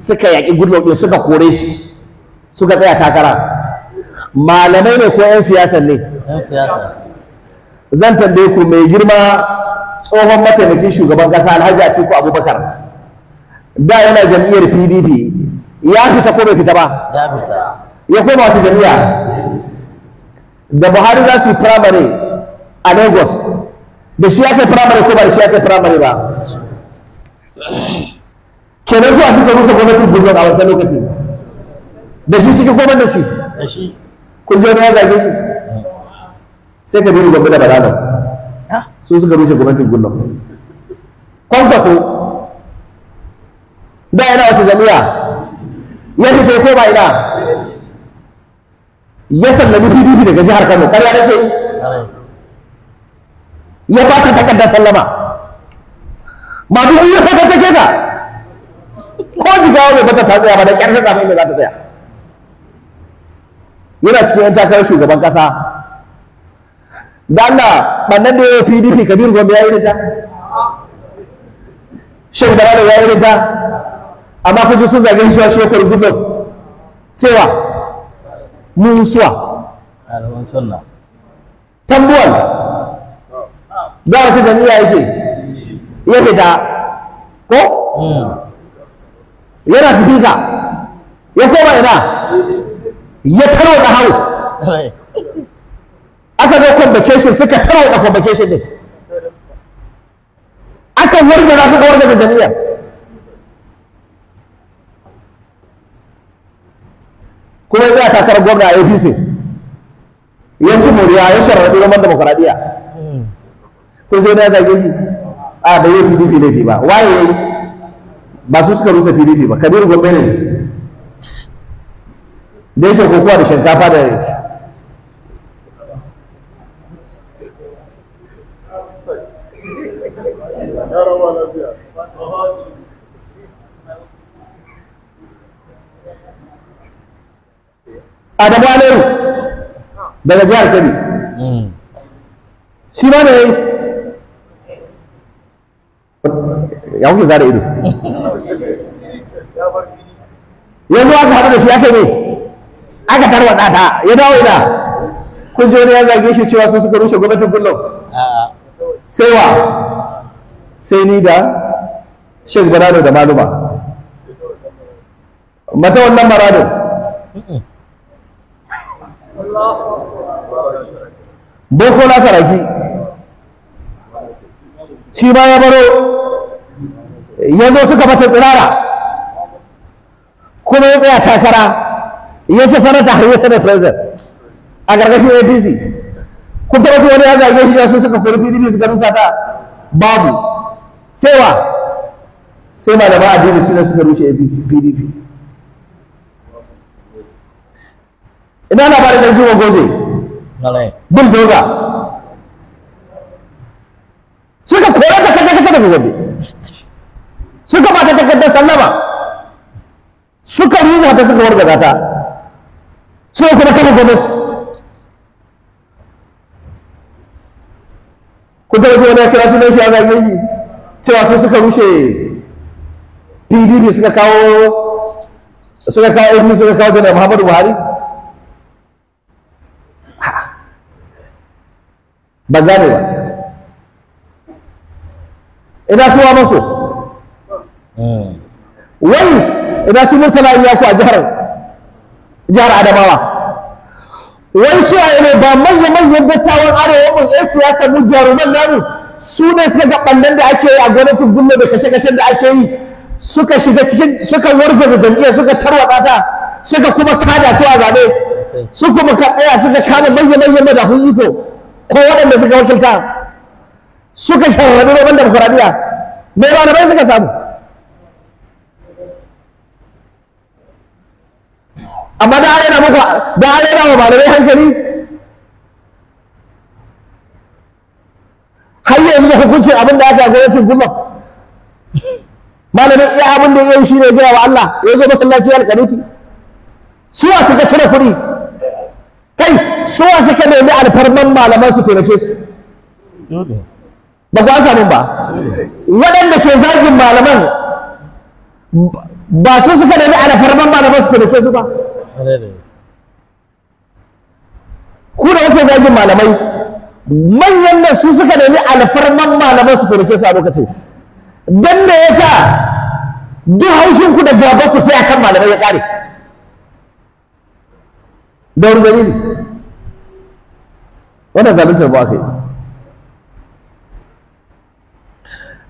suka yaƙi goodluck ɗin suka kore shi suka tsaya takara malamai ne ko 'yan siyasa ne zan tambaye ku mai girma tsohon mataimakin shugaban kasa alhaji a ciko abubakar da yana jam'iyyar pdp ya fita ko bai fita ba ya koma wata jam'iyya da buhari za su yi firamare a lagos da shi ya kai firamare ko ba da shi ya kai firamare ba kenan zuwa duka rusa gwamnati gudun a wata lokaci da shi cikin gwamnati da shi kun ji wani ya zage shi sai ka biyu gwamnati da balalan su suka rushe gwamnati gudun kwankwaso da yana wata jami'a ya fi ko ba ina ya sallami pdp daga jihar kano karya nake yi ya ba ta takardar sallama ma duk ya fata take ka ko jigawa bai bata ta tsaya ba da ƙyar ta tsamai mai za ta tsaya yana cikin yan takarar shugaban ƙasa da Allah ɓannan da ya PDP Kabir Gombe ya yi rinta Shehu Dalalo ya yi rinta amma kun ji sun zage shi shi ya gudun sewa musuwa ɗaliban sunna tambuwal za a ci jami'a yake ya fita ko hmm. yana tafinka ya koma ina ya da house aka zo convocation suka tarwata convocation din aka ga suka da jami'a. kuma ya takarar gwamna a apc ya ci moriya ya sharaɗi zaman demokuraɗiyya hmm. kun sai na zage shi a da yi pdp fi ba waye ya yi ba su suka rusa pdp ba kabiru gombe ne da yake kokowa da shinkafa da Adamu Aleru daga jihar kabi mm. Shi ma da yayi ya zara ido yanzu aka haɗu da shi aka ne aka tarwata ta ya dawo ina kun wani ya zage shi cewa su suka rushe gwamnatin kullum sai wa sai ni da shan barado da maluma mata wannan maradin boko na shi ma ya baro ya zo suka fata tsirara kuma ya tsaya takara ya ce sanata har ya sanar president a gargashin apc kun taɓa wani ya zage shi su suka kori pdp suka rusa ta babu sai wa sai malaman addini suna suka rushe apc pdp ina labarin ɗan jiwon gobe bulldozer suka kora ta kace kace da gobe suka ba ta takardar sallama suka ruza ta suka wargaza ta sai kuma kama gwamnati kun taɓa wani ya kira sunan shi a zage shi cewa su suka rushe pdp suka kawo suka kawo irin suka kawo da muhammadu buhari ba gane ba ina suwa maso Eh. wai idan su murtala iyaku a jihar jihar adamawa wai su ne ba manya manyan dattawan arewa mun yan siyasa mu jaruman namu su ne suka ga ɓannan da ake yi a gwamnatin gulle da kashe-kashen da ake yi suka shiga cikin suka da jam'iyyar suka tarwa ta suka kuma kada su a zaɓe su kuma tsaya suka kada manya-manyan madafun iko ko waɗanda suka wakilta suka shahararri roban demokuraɗiyya mai ba bai suka samu amma da arena muka da arena wa malamai hankali har yanzu da hukunci abin da aka yake gullan malamin iya abin da yayi shine gaya wa Allah ya zo masallaci alƙanuti su suwa suka cire kuɗi kai su suka nemi alfarman malaman su taimake su ba ku amsa min ba waɗanda ke zagin malaman ba su suka nemi alfarman malaman su taimake su ba ku da kuke zagin malamai manyan nan su suka nemi alfarman malaman su farke su a Don dan me yasa duk haushin ku da gaba ku sai akan malamai ya kare da wani dalili wannan zalunta ba kai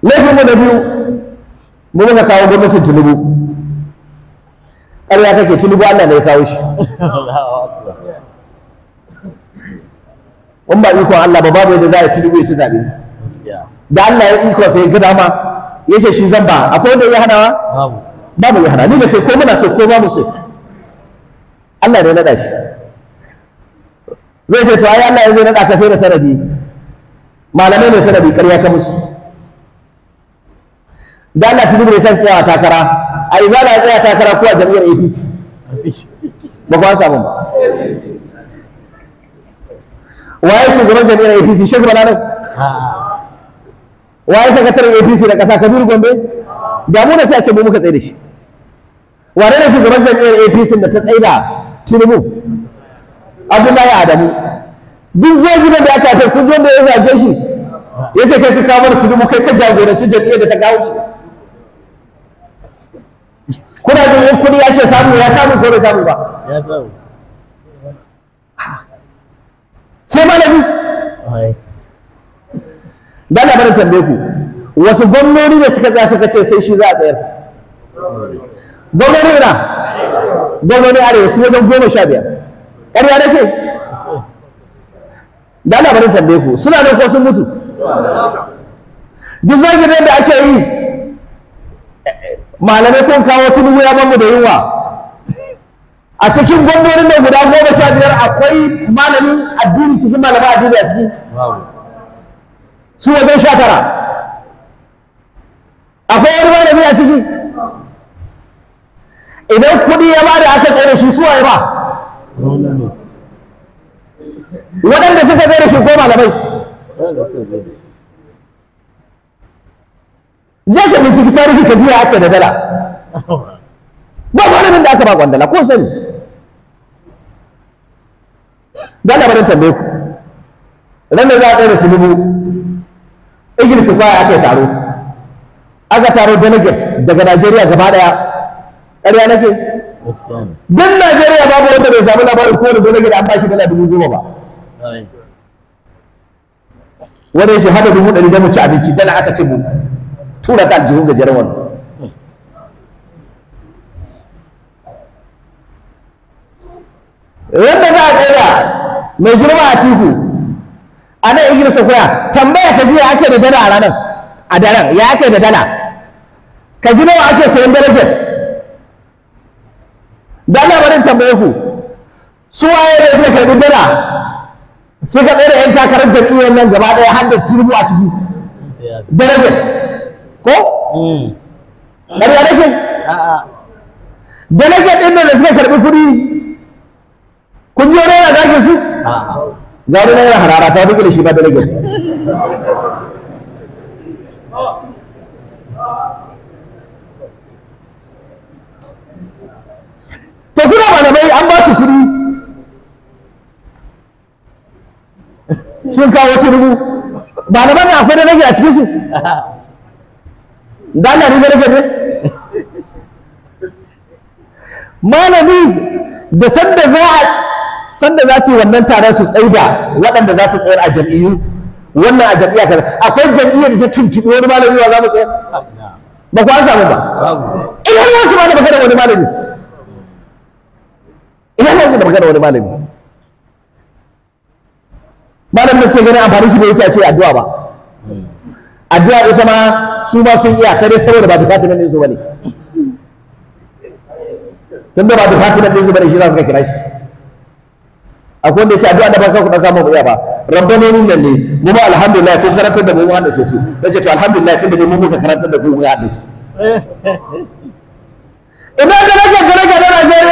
laifin mu da biyu mu muka kawo gwamnatin Tinubu ƙarya kake tunubu Allah ne ya kawo shi in ba ikon Allah ba babu yadda za a tunubu ya ci zaɓe da Allah ya iko sai gida ma ya ce shi zan ba akwai wanda ya hanawa babu ya hana ni da kai ko muna so ko ba mu so Allah ne ya naɗa shi zai ce to ai Allah ya zai naɗa ka sai da sanadi malamai ne sanadi ƙarya ka musu da Allah tudu da ta tsaya takara a izala ya tsaya takara ko a jami'ar APC ba ku an samu ba waye shugaban jami'ar APC Sheikh nan? waye sakataren APC da ƙasa Kabiru Gombe da mu da sai a ce mu muka tsaye da shi wane ne shugaban jami'ar APC da ta tsaye da Tinubu Abdullahi Adamu duk zai gidan da aka ce kun je da ya zage shi yace kai ka kawo Tinubu kai ka jagoranci jami'ar da ta kawo shi kuna jin in kuɗi ake samu ya samu ko bai samu ba ya samu sai malami da na bari tambaye ku wasu gwamnoni ne suka tsaya suka ce sai shi za a tsayar gwamnoni ina gwamnoni arewa su wajen goma sha biyar ƙarya nake da na bari tambaye ku suna nan ko sun mutu duk zagin da ake yi malamai kun kawo tunubu ya bamu da yunwa a cikin gwamnonin da guda goma sha biyar akwai malamin addini cikin malamai addini a ciki su wajen sha tara akwai wani malami a ciki idan kuɗi ya ba da aka tsere shi suwa ya ba waɗanda suka tsere shi ko malamai je ka binciki tarihi ka jiya aka da dala ba malamin da aka ba Gwandala ko sani da labarin tambaye ku ran za a tsaye da tulubu igilisi kwaya aka taro aka taro delegate daga najeriya gaba daya ƙarya nake duk najeriya babu wanda bai samu labarin da delegate an ba shi dala dubu goma ba Wani ya shahada dubu ɗari da mu ci abinci dala aka ce mu tura ta aljihun ga wando yadda za a tsira mai girma a tiku a nan igiyar sakura tambaya ka jiya ya ake da dala a ranar a daren ya ake da dala ka ji nawa ake sayan darajar da ana barin tambaye ku su waye ne suka karbi dala suka tsere yan takarar jam'iyyar nan gaba ɗaya har da turbu a ciki darajar ko a nake delegate ɗin da suka karɓi kuɗi kun ji wani yana gashin su ga wani yana harara ta da shi ba delegate to kuna malamai an ba su kuɗi sun kawo turubu malaman da akwai delegate a cikin su dala rigar gare malami da sanda za a sanda za su yi wannan taron su tsaida waɗanda za su tsayar a jam'iyyu wannan a jam'iyya kaza akwai jam'iyyar da ta tuntuɓi wani malami wa za mu tsayar ba ku an samu ba ina ne su ba da wani malami ina ne su da magana wani malami malamin da suke ganin amfani shi bai wuce a ce addu'a ba hmm. addu'a ita ma su ma sun iya kare saboda ba department ɗinsu bane da ba department ɗinsu bane shi za su ka kira shi akwai wanda ya ce addu'a da ba ku samun mu iya ba rabbanonin nan ne mu ba alhamdulillah kun karantar da mu mu haddace su ce to alhamdulillah tunda da mu muka karantar da ku mu haddace idan ka rage ka rage na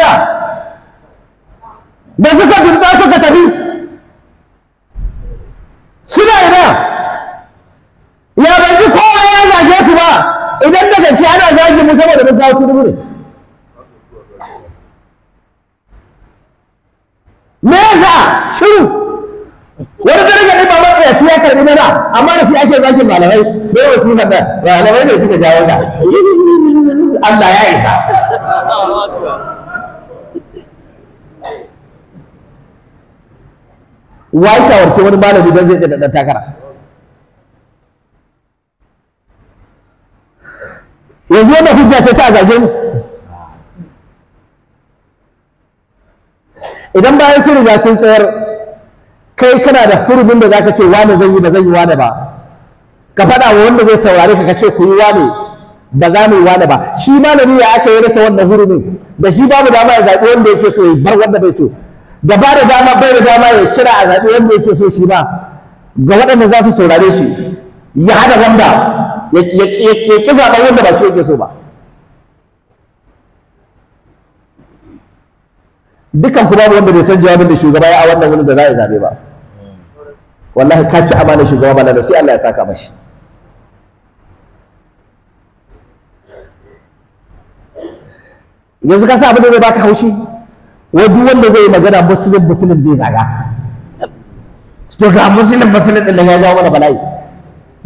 Najeriya da suka dinta suka tafi suna ina idan da gaske ana zagi mu saboda mun kawo tunubu ne me yasa shiru wani daraja ga ba matsaya sai ya karbi mana amma da shi ake zagi malamai me wasu hada malamai ne suka jawo ka Allah ya isa wai shawarci wani malami don zai da takara yanzu wannan hujja ce ta zage mu idan bayan sun riga sun tsayar kai kana da hurumin da zaka ce wane zan yi ba zan yi wane ba ka faɗa wa wanda zai saurare ka kace ce ku yi wane ba za mu yi wane ba shi malami ya aka yi rasa wannan hurumin da shi babu dama ya zaɓi wanda yake so ya bar wanda bai so da ba da dama bai da dama ya kira a zaɓi wanda yake so shi ba ga waɗanda za su saurare shi ya haɗa wanda ya ƙi zaɓen yadda ba shi yake so ba dukan kuma wanda bai san jawabin da shugaba ya a wannan wani da za a zaɓe ba wallahi ka ci amana shugaba ba lalata sai Allah ya saka mashi yanzu ka sa abin da zai baka haushi wai duk wanda zai yi magana musulun musulun zai zaga to ga musulun musulun din nan ya jawo mana bala'i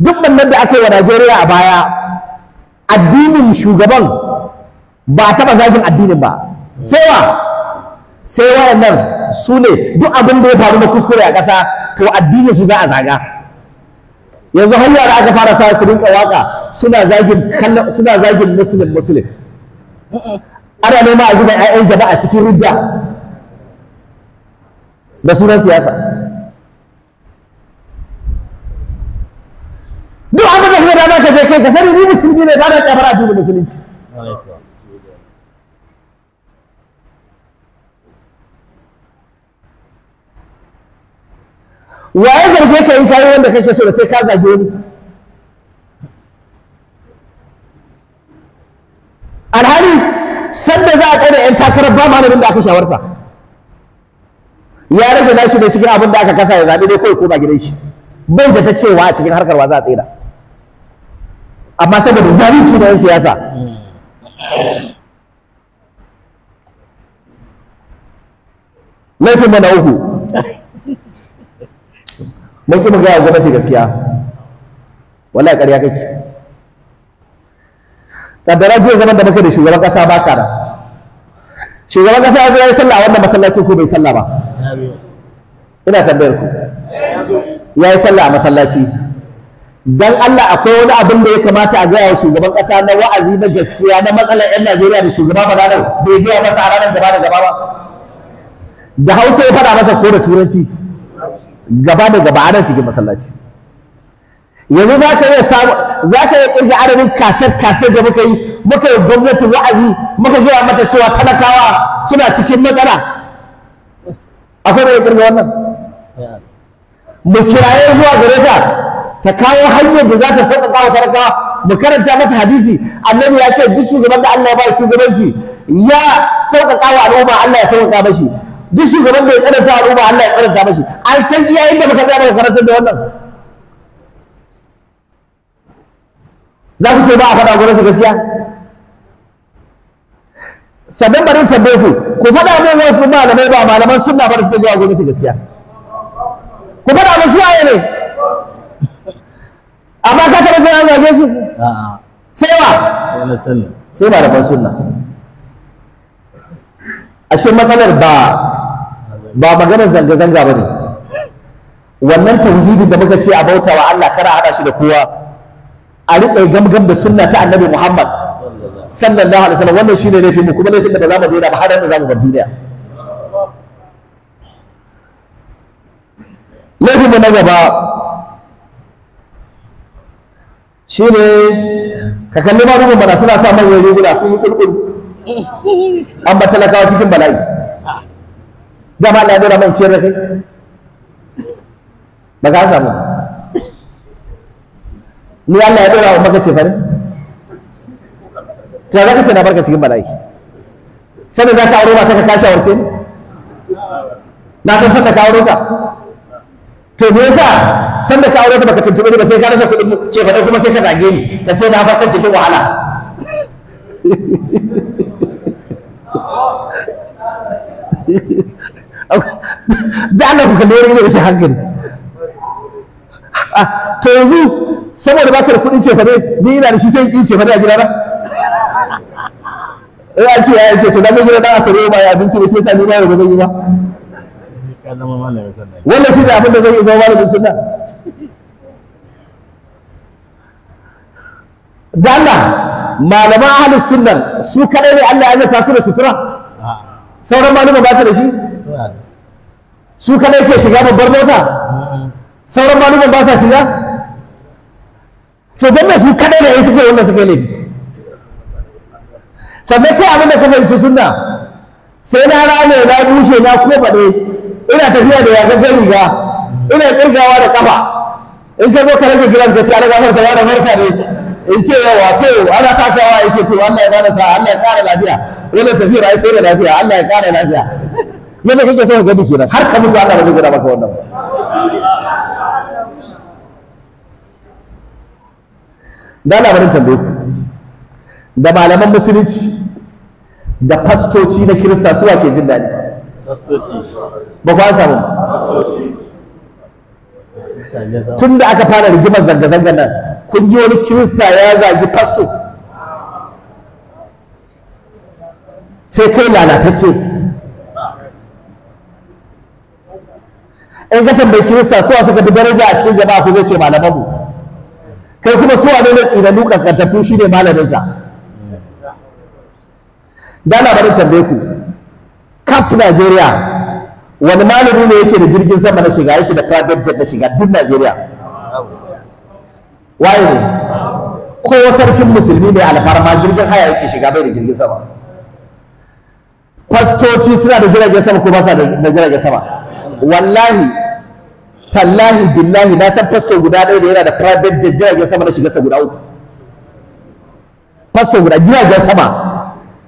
duk bannan da aka yi wa Najeriya a baya addinin shugaban ba taɓa zagin addinin ba sai wa sai waɗannan su ne duk abin da ya faru da kuskure a ƙasa to addinin su za a zaga yanzu har yara aka fara sa su rinka waka suna zagin suna zagin muslim muslim ana nema a zuba 'ya'yan jama'a cikin ridda da sunan siyasa duk abin da kuma da za ka je kai ka sani ni musulmi ne za ka zaka a addinin musulunci wa ya zarge ka yi kayi wanda kake so da sai ka zage ni alhali sanda za a tsaye yan takarar ba malamin da aka shawarta ya rage nashi da cikin abin da aka kasa ya zaɓi dai kawai ko ba gidan shi bai da ta cewa a cikin harkar wa za a tsira amma saboda zalunci na 'yan siyasa laifin mana uku mun kima gaya gwamnati gaskiya wallahi ƙarya kake kaddara jiya zaman da maka da shugaban ƙasa ba kara shugaban ƙasa ya yi sallah a wannan masallacin ko bai sallah ba ina tambayar ku ya yi sallah a masallaci dan Allah akwai wani abin da ya kamata a gaya wa shugaban kasa na wa'azi na gaskiya na matsalar 'yan Najeriya da shugaba ba ranar bai gaya masa a ranar gaba da gaba ba da hausa ya faɗa masa ko da turanci gaba da gaba a nan cikin masallaci yanzu za ka iya samu za ka iya ƙirga adadin kasar kasar da muka yi muka yi gwamnati wa'azi muka gaya mata cewa talakawa suna cikin matsala akwai da ya ƙirga wannan mu kiraye zuwa gare ta ta kawo hanyar da za ta sauƙaƙa wa talakawa mu karanta mata hadisi annabi ya ce duk shugaban da Allah ya ba shugabanci ya sauƙaƙa wa al'umma Allah ya sauƙaƙa mashi duk shugaban da ya tsananta al'umma Allah ya tsananta mashi an san iya inda baka tsaya baka karantar da wannan za ku ce ba a faɗa su gaskiya sannan bari tambaye ku ku faɗa min wasu malamai ba malaman sunna ba da suka gaya su gaskiya ku faɗa min su waye ne amma ka taɓa jin an zage su sai wa sai ba da sunna ashe matsalar ba ba maganar zanga-zanga ba ne wannan tauhidin da muka ce a bauta wa Allah kara haɗa shi da kowa a riƙe gamgam da sunna ta annabi Muhammad sallallahu alaihi wasallam wannan shine laifin mu kuma laifin da ba za mu da ba har da za mu bar duniya laifin da na gaba shi ne ka kalli ma rubin bana suna sa manyan riguna sun yi kulkul an ba talakawa cikin bala'i dama Allah ya nuna man ciyar da kai ba ka samu ni Allah ya dora wa maka ce fare to za ka ce na barka cikin bala'i sannan za ka aure ba ta ka kashe warce na san fata ka aure ka to me yasa san sanda ka aure ta baka tuntube ba sai ka rasa kuɗin ce fa kuma sai ka zage ni ka ce na farkon cikin wahala da Allah ku kalli wani rashin hankali ah, to yanzu saboda baka da kuɗin ce fa ne ni ina da shi sai in ce fa ne a gida ba eh a ce ya ce to dan gida dan asare ba ya abinci ba sai ta ni ba ba zan yi ba ka zama malamin wannan shi ne abin da zai zama malamin sunna da Allah malaman ahlus sunna su kadai ne Allah ya zata su da sutura sauran malaman ba ta da shi su kadai ke shiga babbar mota sauran malaman ba ta shiga to da su kadai ne suke wanda suke ne sannan kai abin da ka fahimci sunna sai na rame na bushe na kuma faɗe ina tafiya da yagaggen riga ina ƙirgawa da ƙafa. in ka zo ka rage gidan ka tsara gafar ta bada marka ne in ce yawa to ana takawa ce to Allah ya bada sa Allah ya ƙara lafiya yana tafiyar ai sai da lafiya Allah ya ƙara lafiya yadda kake so ka gani kenan har ka mutu Allah ya gida maka wannan da labarin tambaye ku da malaman musulunci da fastoci na kirista suwa ke jin daɗi ba ku an samu ba tun da aka fara rigimar zanga zanga nan kun ji wani kirista ya zagi pasto sai kai lalatacce in ka tambayi kirista suwa suka fi daraja a cikin jama'a ku zai ce malamanmu kai kuma suwa ne na tsinanu kaskantattu shi ne malaminka da labarin tambaye ku kaf Najeriya wani malami ne yake da jirgin sama na shiga yake da private jet na shiga duk Najeriya waye ne ko sarkin musulmi ne alfarma jirgin haya yake shiga bai da jirgin sama kwastoci suna da jiragen sama ko ba sa da jiragen sama wallahi tallahi billahi na san fasto guda ɗaya da yana da private jet jiragen sama na shiga sa guda uku fasto guda jiragen sama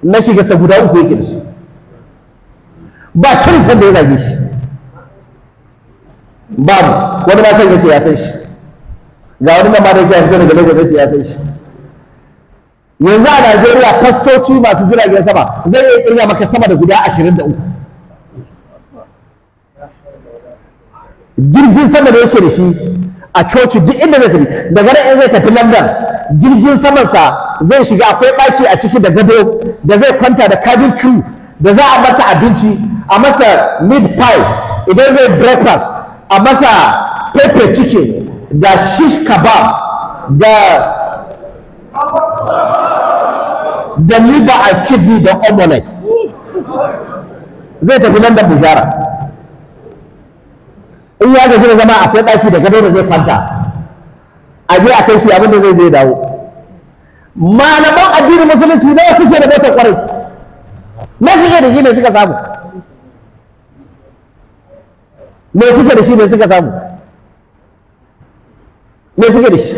na shiga sa guda uku yake da su ba kirsan da ya zage shi Ba wani matan ya ce ya san shi ga wani nan ma da ya fito daga lagos ya ce ya san shi yanzu a najeriya fastoci masu jiragen sama zai iya kirya maka sama da guda ashirin da uku jirgin sama da yake da shi a coci duk inda zai tafi daga nan in zai tafi london jirgin samansa zai shiga akwai baki a ciki da gado da zai kwanta da cabin crew da za a masa abinci a masa mid pie idan zai breakfast a masa pepper chicken da shish kebab da da liver and kidney da omelette zai tafi nan da bujara in ya gaji da zama kai daki da gado da zai fanta a je a kai shi abinda zai zai dawo malaman addinin musulunci ne suke da bautar kwarai na suke da shi ne suka samu me suke da shi ne suka samu me suke da shi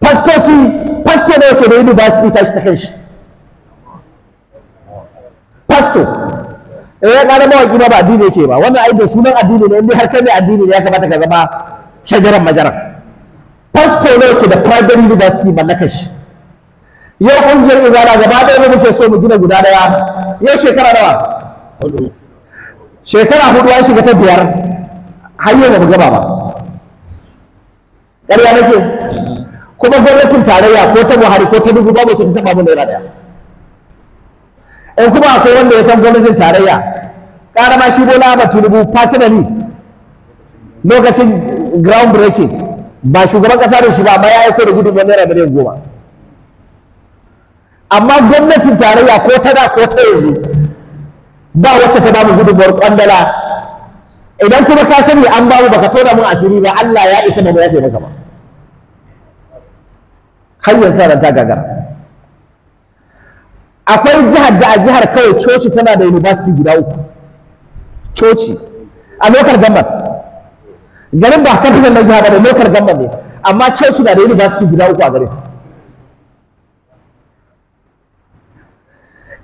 fastoci fasto ne yake da university ta shi ta kanshi fasto eh ya kada mawaki ba addini yake ba wannan ai da sunan addini ne indai har kai mai addini ne ya kamata ka zama shajaran majaran fasto ne yake da primary university na shi yau kungiyar izala gaba ɗaya ne muke so mu gina guda ɗaya yau shekara nawa shekara hudu an shiga ta biyar da yau ba mu gaba ba ƙarya nake kuma gwamnatin tarayya ko ta buhari ko ta dubu babu cikin taɓa mu naira ɗaya in kuma akwai wanda ya san gwamnatin tarayya ƙara ma shi bola ba tunubu personally lokacin ground breaking ba shugaban ƙasa da shi ba ba ya aiko da gudunmiyar naira miliyan goma amma gwamnatin tarayya ko ta da ko ta yanzu ba wacce ta bamu gudunmuwar kwandala idan kuma ka sani an bamu baka tona mun asiri ba Allah ya isa da ya ce maka ba hanyar sa ta gagara akwai jihar da a jihar kawai coci tana da university guda uku coci a lokar gambar garin ba kafinan na jihar ba da lokar gambar ne amma coci na da university guda uku a garin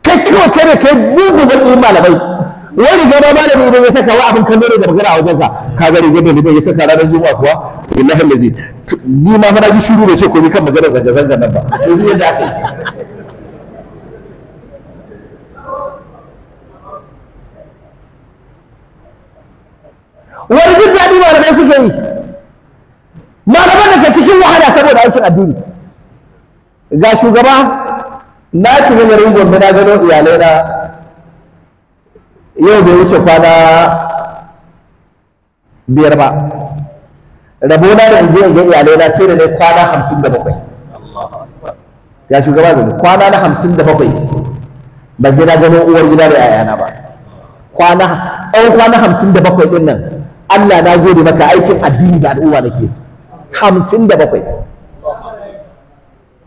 kai kawai kai da kai mugu zargin malamai wani gaba malami idan ya saka wa abin kallo ne da magana a wajenka ka ga rigar da liman ya saka ranar juma'a kuwa to billahi allazi ni ma fa na ji shiru bai ce komai kan magana zanga zanga nan ba to ni da aka wani duk daɗi malamai suke yi malaman da ke cikin wahala saboda aikin addini ga shugaba na shiga garin gombe na gano iyalai na yau bai wuce kwana biyar ba rabo na da inje ga iyalai na sai da ne kwana hamsin da bakwai ya shugaba gani kwana na hamsin da bakwai ban je na gano uwar gida da yayana ba kwana tsawon kwana hamsin da bakwai din nan Allah na gode maka aikin addini da al'umma nake hamsin da bakwai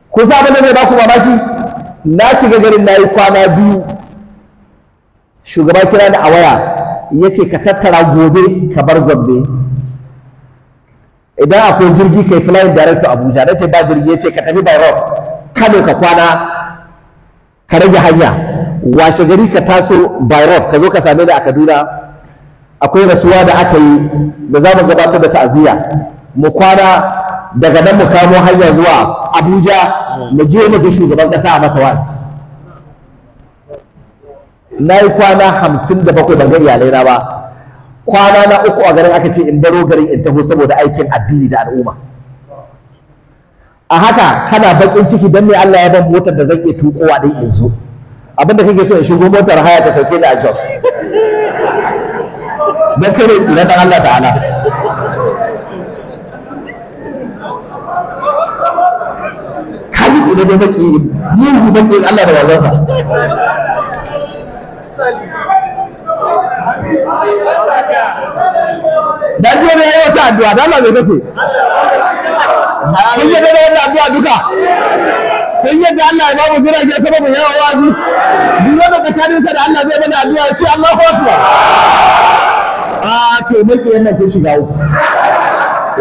ku sa ba ne mai ba ku mamaki na shiga garin na yi kwana biyu shugaban kira ni a waya ya ce ka tattara gobe ka bar gombe idan akwai jirgi kai flying direct abuja na ce ba jirgi ya ce ka tafi by road kano ka kwana ka rage hanya washe gari ka taso by road ka zo ka same ni a kaduna akwai rasuwa da aka yi da za mu gabatar da ta'aziyya mu kwana daga nan mu kamo hanyar zuwa abuja mu je mu ga shugaban ƙasa a masa wasi na yi kwana hamsin da bakwai ban ga iyalai na ba kwana na uku a garin aka ce in baro garin in taho saboda aikin addini da al'umma a haka kana bakin ciki don me Allah ya ban motar da zan iya tukowa din in zo abinda kake so in shigo motar haya ta sauke da a Jos don kare tsira dan Allah ta'ala maki na dai maki mugu maki Allah da wazansa da ji wani yayi wata addu'a da Allah bai yadda da wannan addu'a duka kun yadda Allah ya bamu jirage sababin yawa wazi duk wanda da Allah zai bada addu'a ce Allahu akbar a to maki wannan kun shiga uku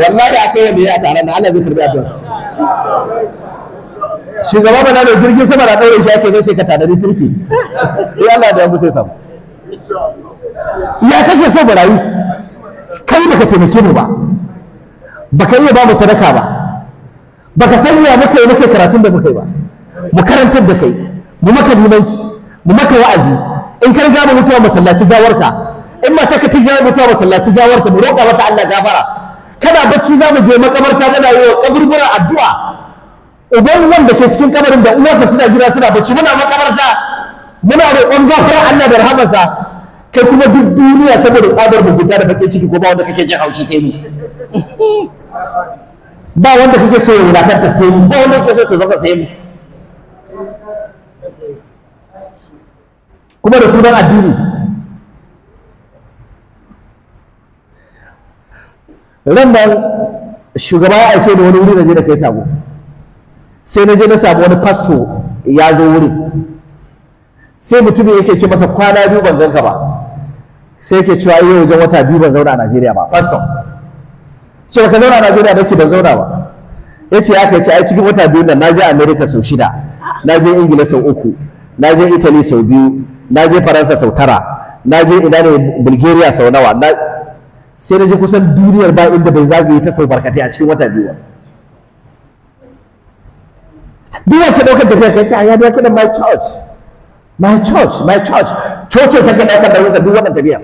wallahi akai yadda ya tare na Allah zai karbi addu'a shugaba ba na da jirgin sama da ɗaure shi ake zai ka tanadi turki ya eh, Allah da yanku sai samu ya kake so barayi kai baka taimake mu ba baka iya ba mu sadaka ba baka sanya muka yi muka karatun da muka yi ba mu karantar da kai mu maka limanci mu maka wa'azi in ka gama mutuwa masallaci gawarka in ma taka ta gawa mutuwa masallaci gawarka mu roƙa mata Allah gafara kana bacci za mu je makabarta kana yi wa kaburbura addu'a uban wanda ke cikin kabarin da uwarsa suna gida suna bacci muna makabarta muna roƙon gafarar Allah da rahamarsa kai kuma duk duniya saboda tsabar mugunta da bakin ciki ko ba wanda kake jin haushi sai mu ba wanda kake so ya wulakanta sai mu ba wanda kake so ta zama sai mu kuma da sunan addini ran nan shugaba ya aike da wani wuri da je da kai sabo sai na je na samu wani fasto ya zo wurin sai mutumin yake ce masa kwana biyu ban ganka ba sai yake cewa yau wajen wata biyu ban zauna a Najeriya ba fasto ce ka zauna a Najeriya ba ce ban zauna ba ya ce aka ce ai cikin wata biyu nan na je America sau shida na je Ingila sau uku na je Italy sau biyu na je Faransa sau tara na je ina ne Bulgaria sau nawa sai na je kusan duniyar ba inda bai zagaye ta sau barkatai a cikin wata biyu ba duk ka ɗaukar tafiya kai ce a ya biya kuɗin my church my church my church Church cocin take ɗaukar da wuta duk wannan tafiya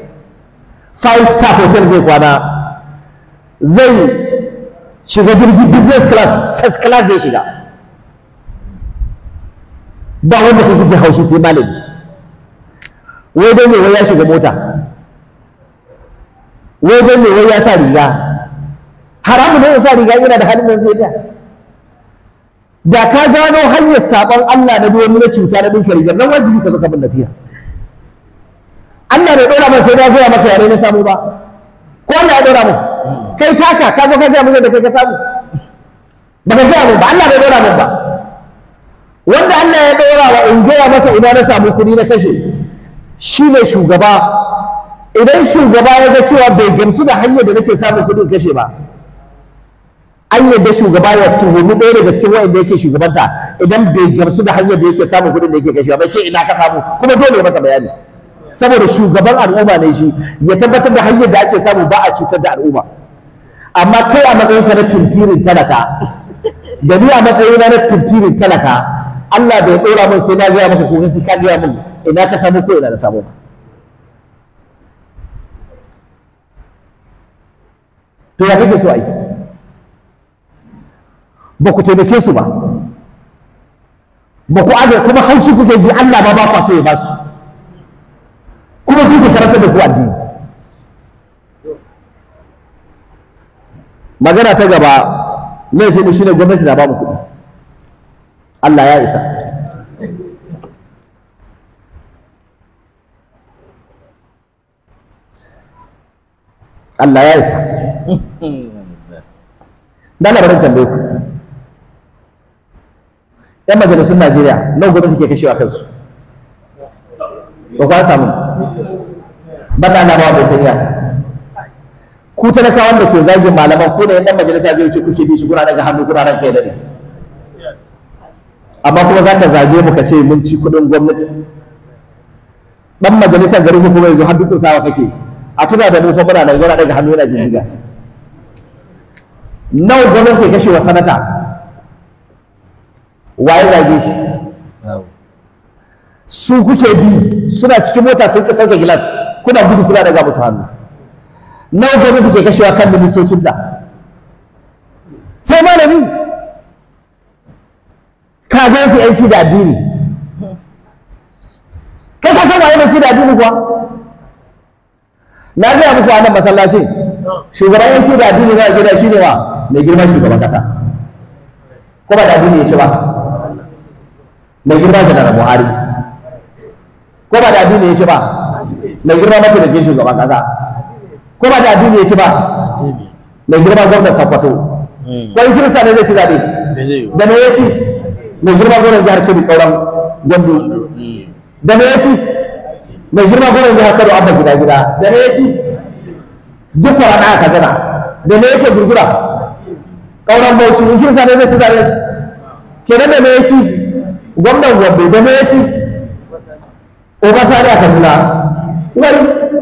five star hotel zai kwana zai shiga jirgin business class first class zai shiga ba wanda kake ji haushi sai malami wai dai ne wai ya shiga mota wai dai ne wai ya sa riga haramun ne ya sa riga yana da halin nan zai biya da ka gano hanyar saɓon Allah na duwar na cuta na dukkan rigar nan wajibi ka zaka bin nasiha Allah bai ɗora min sai na zuwa maka yare na samu ba ko Allah ya ɗora min kai taka ka zo ka ga min da kai ka samu ba ka gaya ba Allah bai ɗora min ba wanda Allah ya ɗora wa in gaya masa ina na samu kuɗi na kashe shi ne shugaba idan shugaba ya ga cewa bai gamsu da hanyar da nake samun kuɗin kashe ba an yadda shugaba ya tuhumi ɗaya daga cikin wa'anda yake shugabanta idan bai gamsu da hanyar da yake samun kuɗin da yake kashewa ba ce ina ka samu kuma dole masa bayani saboda shugaban al'umma ne shi ya tabbatar da hanyar da ake samu ba a cutar da al'umma amma kai a matsayinka na tintirin talaka da ni a matsayin na tintirin talaka Allah bai ɗora min sai na gaya maka ko sai ka gaya min ina ka samu ko ina na samu to ya kake so aiki ba ku taimake su ba ba ku aga kuma haushi kuke ji Allah ba ba ku sai ya ba su kuma su ke karanta da ku addini magana ta gaba laifin shi ne gwamnati na ba mu kuɗi Allah ya isa Allah ya isa. Dala barin tambaye ku. yan majalisun Najeriya nan gudun kashe kashewa kansu ba kwa samu ba ta na bai sanya ku ta naka wanda ke zagin malaman ku da yan majalisa zai wuce kuke bi shi kuna daga hannu kuna ran kai da ne amma kuma za ka zage mu ka ce mun ci kuɗin gwamnati dan majalisar garin ku kuma yanzu har kusa sawa kake a tuna da mu fa muna nan gona daga hannu yana jijjiga Nau gwamnati ke kashewa sanata waye zage shi su kuke bi suna cikin mota sun kasar sauke gilas kuna gudu kuna daga musu hannu nawa gani kuke kashewa kan ministocin da sai malami ka ga su yanci da addini kai ka san yi mace da addini kuwa na gaya muku a nan masallaci shugaban yanci da addini na gida ne wa mai girman shugaban kasa ko ba da addini ya ce ba mai girma da buhari ko ba da addini ya ce ba mai girma mataimakin shugaban kasa ko ba da addini ya ce ba mai girma gwamnan sakwato ko in kirista ne zai ci zaɓe da me ya ci mai girma gwamnan jihar kebbi kauran gwamnu da me ya ci mai girma gwamnan jihar kano abba gida gida da me ya ci duk kwara ɗaya ka gana da me ke gurgura kauran bauchi in kirista ne zai ci zaɓe kenan da me ya ci gwamnan wanda da ya ci obasani a kaduna wani mai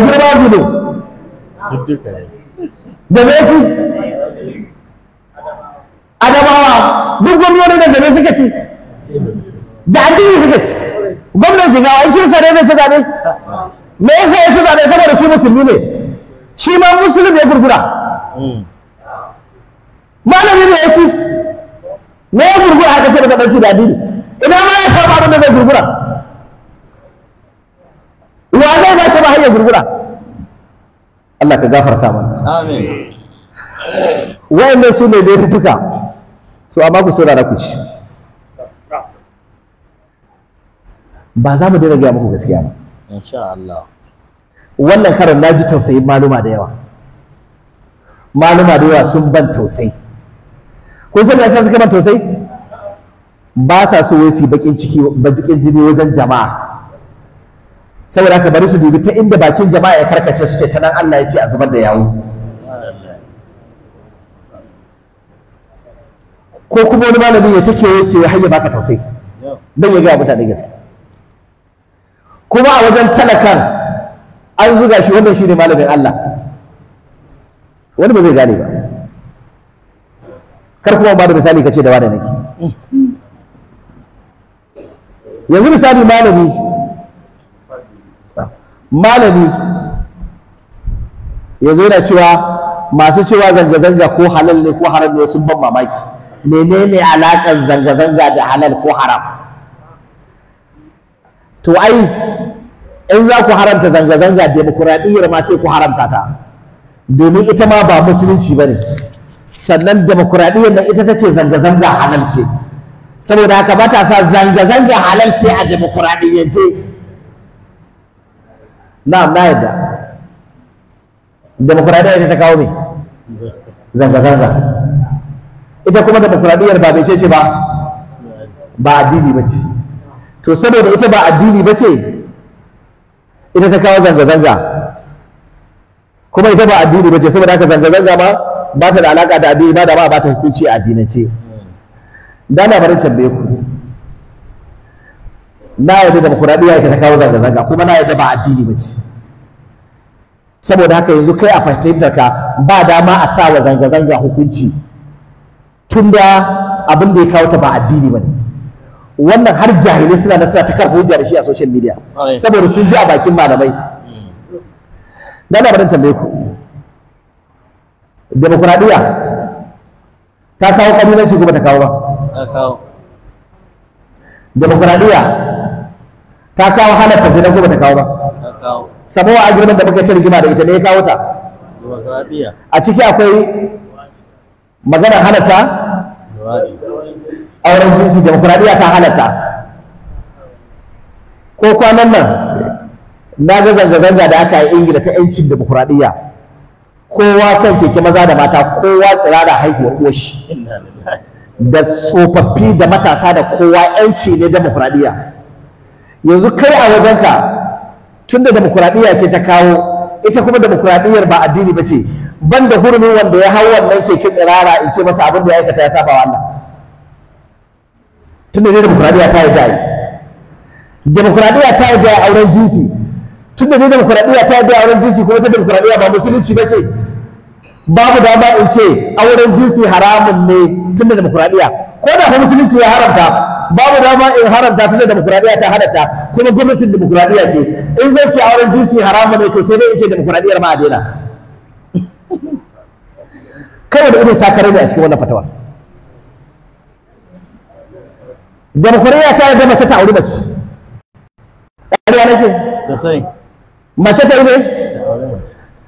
girma gudu da ya ci adamawa duk gwamnoni da gane suka ci da addini suka ci gwamnan jiga an kirsa ne zai ci zane me yasa ya ci zane saboda shi musulmi ne shi ma musulmi ya gurgura mm. malami ne ya ci me ya gurgura haka ce baka dace da addini idan ma ya saba abin da zai gurgura wa zai ba ta ba gurgura Allah ka gafarta mana amin wayannan su ne da fuka to amma ku saurara ku ci ba za mu daina gaya muku gaskiya ba insha Allah wannan karin na ji tausayin maluma da yawa maluma da yawa sun ban tausayi kun sai yasa suka ba tausayi ba sa so wai su bakin ciki bakin jini wajen jama'a saboda ka bari su dubi ta inda bakin jama'a ya karkace su ce ta nan Allah ya ce a zubar da yawo ko kuma wani malamin ya take yau ke ya baka tausayi dan ya ga mutane gaske kuma a wajen talakan an zuga shi wannan shine malamin Allah wani ba zai gane ba kar kuma ba da misali ka ce da wani nake yanzu misali malami malami yanzu yana cewa masu cewa zanga-zanga ko halal ne ko haram ne sun ban mamaki menene alaƙar zanga-zanga da halal ko haram to ai in za ku haramta zanga-zanga demokuraɗiyyar ma sai ku haramta ta domin ita ma ba musulunci ba ne sannan demokuraɗiyyar nan ita ta ce zanga-zanga halalce ce saboda haka ba ta sa zanga-zanga halalce ce a demokuraɗiyyance na na yadda demokuraɗiyyar ita ta kawo ne zanga-zanga ita kuma demokuraɗiyyar ba bai ce ba ba addini ba ce to saboda ita ba addini ba ce ita ta kawo zanga-zanga kuma ita ba addini ba ce saboda haka zanga-zanga ma ba ta da alaka da addini ba da ba ba ta hukunci a addinance ce. na bari tambaye ku na yadda da ya yi ta kawo zanga-zanga kuma na yadda ba addini ba ce saboda haka yanzu kai a fahimtar ka ba dama a sa wa zanga-zanga hukunci tun da abin da ya kawo ta ba addini ba ne wannan har jahilai suna nasara ta karɓi hujja da shi a social media saboda sun ji a bakin malamai na mm. da barin tambaye ku demokuraɗiyya ta kawo ƙabilanci kuma ta kawo ba demokuraɗiyya ta kawo halatta zina kuma ba ta kawo ba samuwa girman da muka ta rigima da ita ne ya kawo ta a ciki akwai maganar halatta auren jinsi demokuraɗiyya ta halatta ko kwanan nan na ga zanga-zanga da aka yi ingila ta 'yancin demokuraɗiyya kowa kan keke maza da mata kowa tsirara haihuwar uwashi da tsofaffi da matasa da kowa yanci ne demokuraɗiyya yanzu kai a wajenka tunda demokuraɗiyya ce ta kawo ita kuma demokuraɗiyyar ba addini ba ce ban da hurumin wanda ya hau wannan keke tsirara in ce masa abin da ya aikata ya saba wa Allah tunda ne demokuraɗiyya ta yi jayi demokuraɗiyya ta yi jayi auren jinsi da ne demokuraɗiyya ta yi jayi auren jinsi kuma ta demokuraɗiyya ba musulunci ba ce babu dama in ce auren jinsi haramun ne tun da demokuraɗiyya ko da fa musulunci ya haramta babu dama in haramta tun da demokuraɗiyya ta halatta kuma gwamnatin demokuraɗiyya ce in zan ce auren jinsi haramun ne to sai dai in ce demokuraɗiyyar ma a daina kawai da irin sakarai ne a cikin wannan fatawa demokuraɗiyya ta yarda mace ta auri mace ƙarya nake sosai mace ta yi ne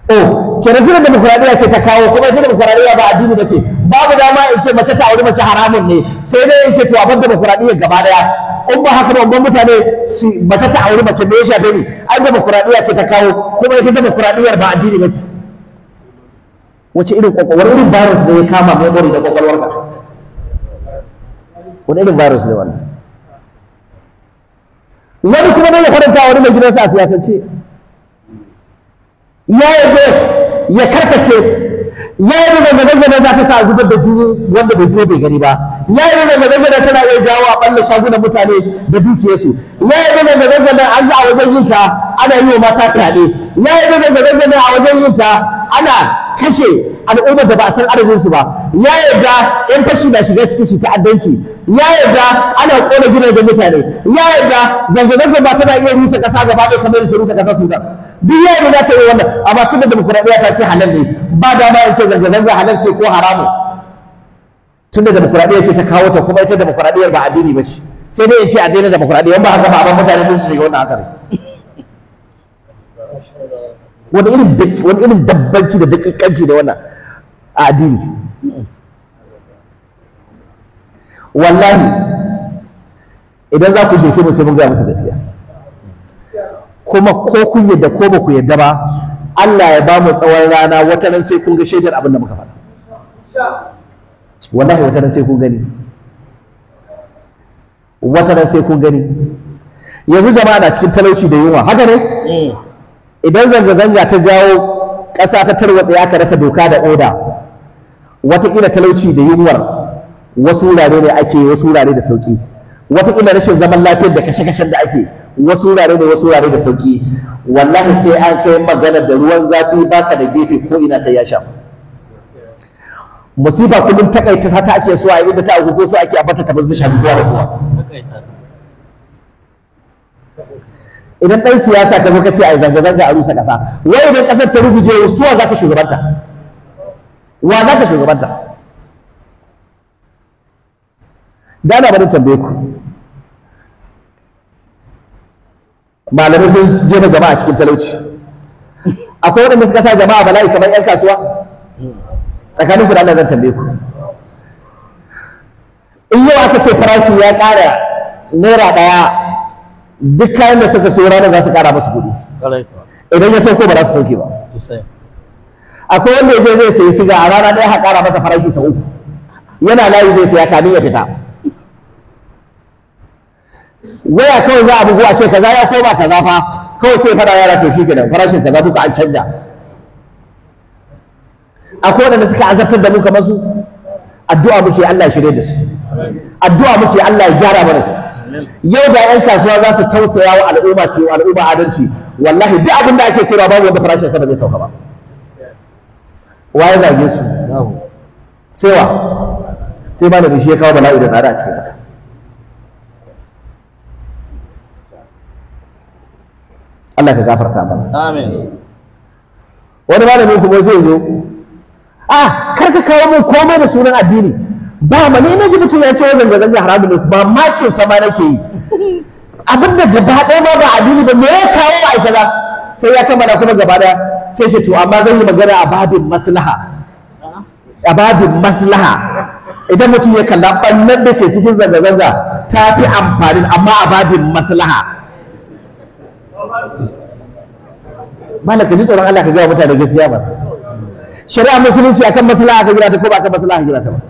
oh zina da demokuraɗiyya ce ta kawo kuma da demokuraɗiyya ba addini ba ce babu dama in ce mace ta wuri mace haramun ne sai dai in ce to a da demokuraɗiyya gaba daya in ba haka ba mutane su mace ta wuri mace me ya shafe ni ai demokuraɗiyya ce ta kawo kuma ita demokuraɗiyyar ba addini ba ce wace irin kwakwalwar irin virus ne ya kama memory da kwakwalwar ka wani irin virus ne wannan wani kuma ne ya faranta wani mai gidansa a siyasance ya yabe ya karkace ya yi da zanga sa zubar da jini wanda bai jini bai gani ba ya yi da zanga tana iya jawo a ɓalla shagunan mutane da dukiyarsu ya yi da zanga an yi a wajen yin ta ana yi wa mata fyaɗe ya yi da zanga a wajen yin ta ana kashe al'ummar da ba a san su ba ya yarda yan fashi na shiga cikin su ta'addanci ya yarda ana kona da mutane ya yarda zanga-zanga ba tana iya rusa ƙasa gaba ɗaya kamar ta rusa ƙasa sudan duk yaro za ta yi wannan amma tun da demokuraɗiyya ta ce halal ne ba ma in ce zanga-zanga halal ce ko haramu tun da demokuraɗiyya ce ta kawo ta kuma ita demokuraɗiyyar ba addini ba ce sai dai in ce addinin demokuraɗiyya ba haka ba amma mutane sun shiga wannan haka wani irin wani irin dabbanci da dakikanci da wannan a addini wallahi idan za ku jefe mu sai mun gaya muku gaskiya kuma ko kun yadda ko ba ku yadda ba Allah ya ba mu tsawon rana wata nan sai kun ga shaidar abin da muka faɗa wallahi wata nan sai kun gani wata nan sai kun gani yanzu jama'a na cikin talauci da yunwa haka ne eh. idan zanga-zanga ta jawo ƙasa ta tarwatse aka rasa doka da oda wataƙila talauci da yunwar wasu wurare ne ake wasu wurare da sauƙi wataƙila rashin zaman lafiyar da kashe-kashen da ake wasu wurare da wasu wurare da sauki wallahi sai an kai magana da ruwan zafi baka da gefe ko ina sai ya sha musiba kullum takaita ta ake so a inda ta auku so ake a ta bazu shafi ruwa da idan dan siyasa ta muka ce a zanga zanga a rusa kasa wai idan kasar ta ruguje suwa zaka shugabanta wa zaka shugabanta dana bari tambaye ku malamai sun jefa jama'a cikin talauci akwai waɗanda suka sa jama'a bala'i kamar 'yan kasuwa tsakaninku da Allah zan tambaye ku in yau aka ce farashi ya ƙara naira ɗaya duk kayan da suka siyo ranar za su ƙara musu kuɗi idan ya sauko ba za su sauke ba akwai wanda ya je zai sayi siga a rana ɗaya ha ƙara masa farashi sau yana layi zai saya kamin ya fita waya kawai za a bugu a ce kaza ya koma kaza fa kawai sai fara yara to shikenan farashin kaza duka an canja akwai wanda suka azabtar da mu kamar su addu'a muke Allah ya shirye da su addu'a muke Allah ya gyara mana su yau da yan kasuwa za su tausaya wa al'umma su yi al'umma adalci wallahi duk abin da ake sayarwa babu wanda farashin sa ba zai sauka ba waye zage su sai wa sai malami shi ya kawo bala'i da tsada a cikin ƙasa Allah ka gafarta mana amin wani malami kuma zai zo a ah, kar ka kawo min komai da sunan addini ba ma ni na ji mutum ya ce wa zanga zanga haramun ne ba makin sa ma nake yi abin da gaba ɗaya ma ba addini ba me ya kawo a kaza sai ya kammala kuma gaba ɗaya sai shi to amma zan yi magana a babin maslaha a babin maslaha idan mutum ya kalla ɓannan da ke cikin zanga zanga ta fi amfani amma a babin maslaha malaka ji tsoron Allah ka gaya mutane gaskiya ba shari'a musulunci akan maslaha ka gina ta ko ba ka maslaha ka ta ba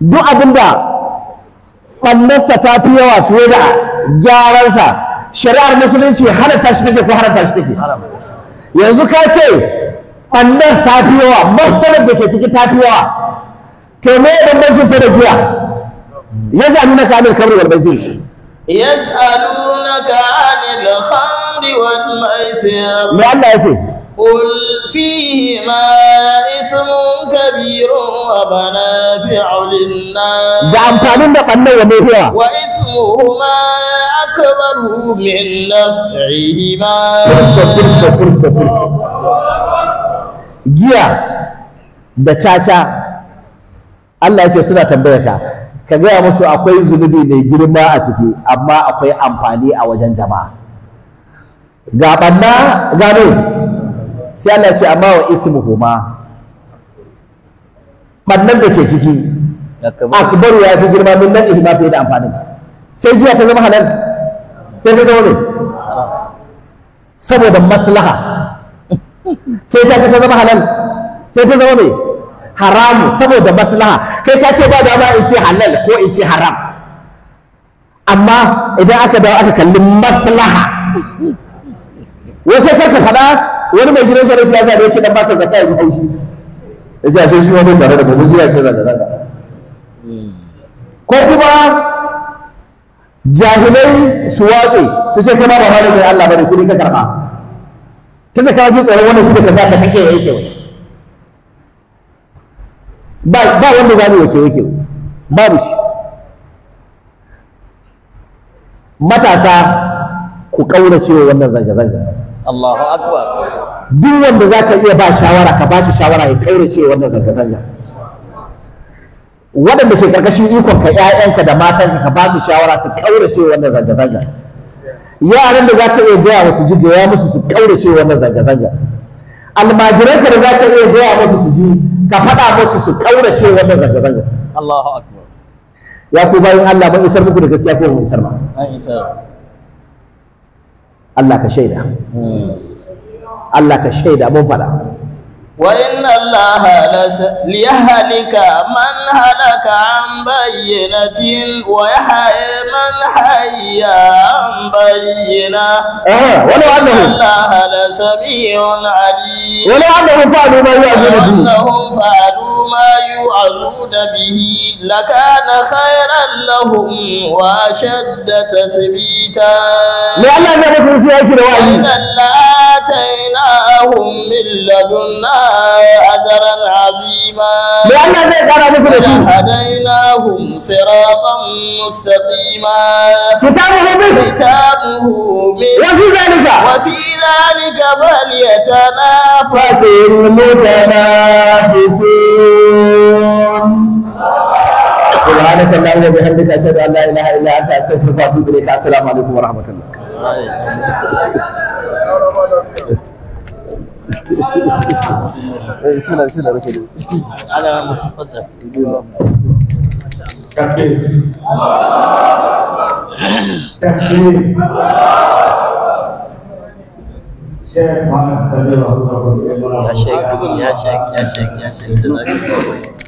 duk abinda ɓannarsa ta fi yawa fiye da gyaransa shari'ar musulunci ta shi take ko ta shi take yanzu ka ce ɓannar ta fi yawa mafsalar da ke ciki ta fi yawa to me ya bambancin ta da jiya ya zami na kamar kamar wal يسألونك عن الخمر والميسر ما الله يسير قل فيهما إثم كبير ومنافع للناس وإثمهما أكبر من نفعهما giya da caca Allah ya ce suna tambayata ka gaya musu akwai zunubi mai girma a ciki amma akwai amfani a wajen jama'a ga banna gano sai Allah ce amma wa ismuhuma bannan da ke ciki akbaru ya fi girma min nan ihma fiye da amfanin sai giya ta zama halal sai ta zama saboda maslaha sai ta zama halal sai ta zama ne haramu saboda maslaha kai ka ce ba dama in ce halal ko in ce haram amma idan aka dawo aka kalli maslaha wai kai karka faɗa wani mai gidan sarar siyasa ne yake dan ba ka zakka ya haushi ya ce ashe shi wani tare da gobe jiya ke zaga zaga ko kuma jahilai su watse su ce kai ba ba malamin Allah bane kudi ka karba tunda ka ji tsoron wannan shi da kaza da kake yake ba wanda za mu yake wake babu shi matasa ku kaurace cewa wannan zanga-zanga Allahu akbar duk wanda za ka iya ba shawara ka ba shi shawara ya kaurace cewa wannan zanga-zanga waɗanda ke ƙarƙashin ikon ka ƴaƴanka da matanka ka ba su shawara su kaurace cewa wannan zanga-zanga yaran da za ka iya gaya musu ji gaya musu su kaurace cewa wannan zanga-zanga almajiranka da za ka iya gaya musu su ji ka faɗa musu su kaurace wannan zanga-zanga Allahu akbar ya ku bayan Allah ban isar muku da gaskiya ko ban isar ba an isar Allah ka shaida hmm. Allah ka shaida mun faɗa وإن الله ليهلك من هلك عن بينة ويحيى من حي عن بينة آه ولو أنهم الله لسميع عليم ولو أنهم فعلوا ما يوعظون به لكان خيرا لهم وأشد تثبيتا لألا نعرف في أجر وعي لآتيناهم من لدنا أجرا عظيما لألا نعرف في هديناهم صراطا مستقيما كتابه مثل كتابه مثل وفي ذلك وفي ذلك فليتنافس المتنافسون سبحانك اللهم وبحمدك اشهد ان لا اله الا انت استغفرك واتوب اليك السلام عليكم ورحمه الله إيه، بسم الله بسم الله بسم الله على تفضل تكبير تكبير شيخ محمد كبير يا شيخ يا شيخ يا شيخ يا شيخ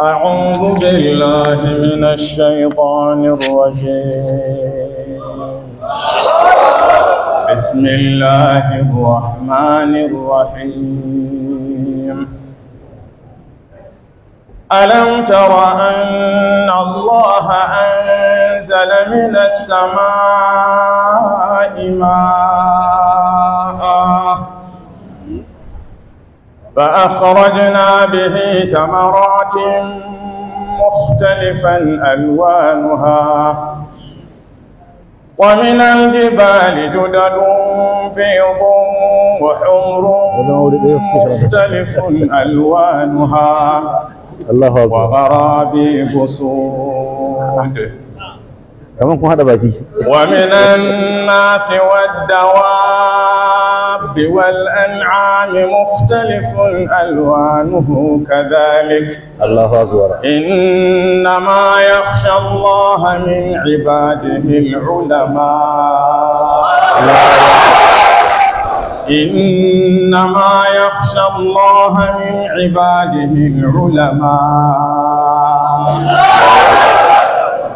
أعوذ بالله من الشيطان الرجيم بسم الله الرحمن الرحيم ألم تر أن الله أنزل من السماء ماءً فأخرجنا به ثمرات مختلفا ألوانها ومن الجبال جدد بيض وحمر مختلف ألوانها الله أكبر وغرابي سود ومن الناس والدواب الدب والأنعام مختلف ألوانه كذلك الله أكبر إنما يخشى الله من عباده العلماء إنما يخشى الله من عباده العلماء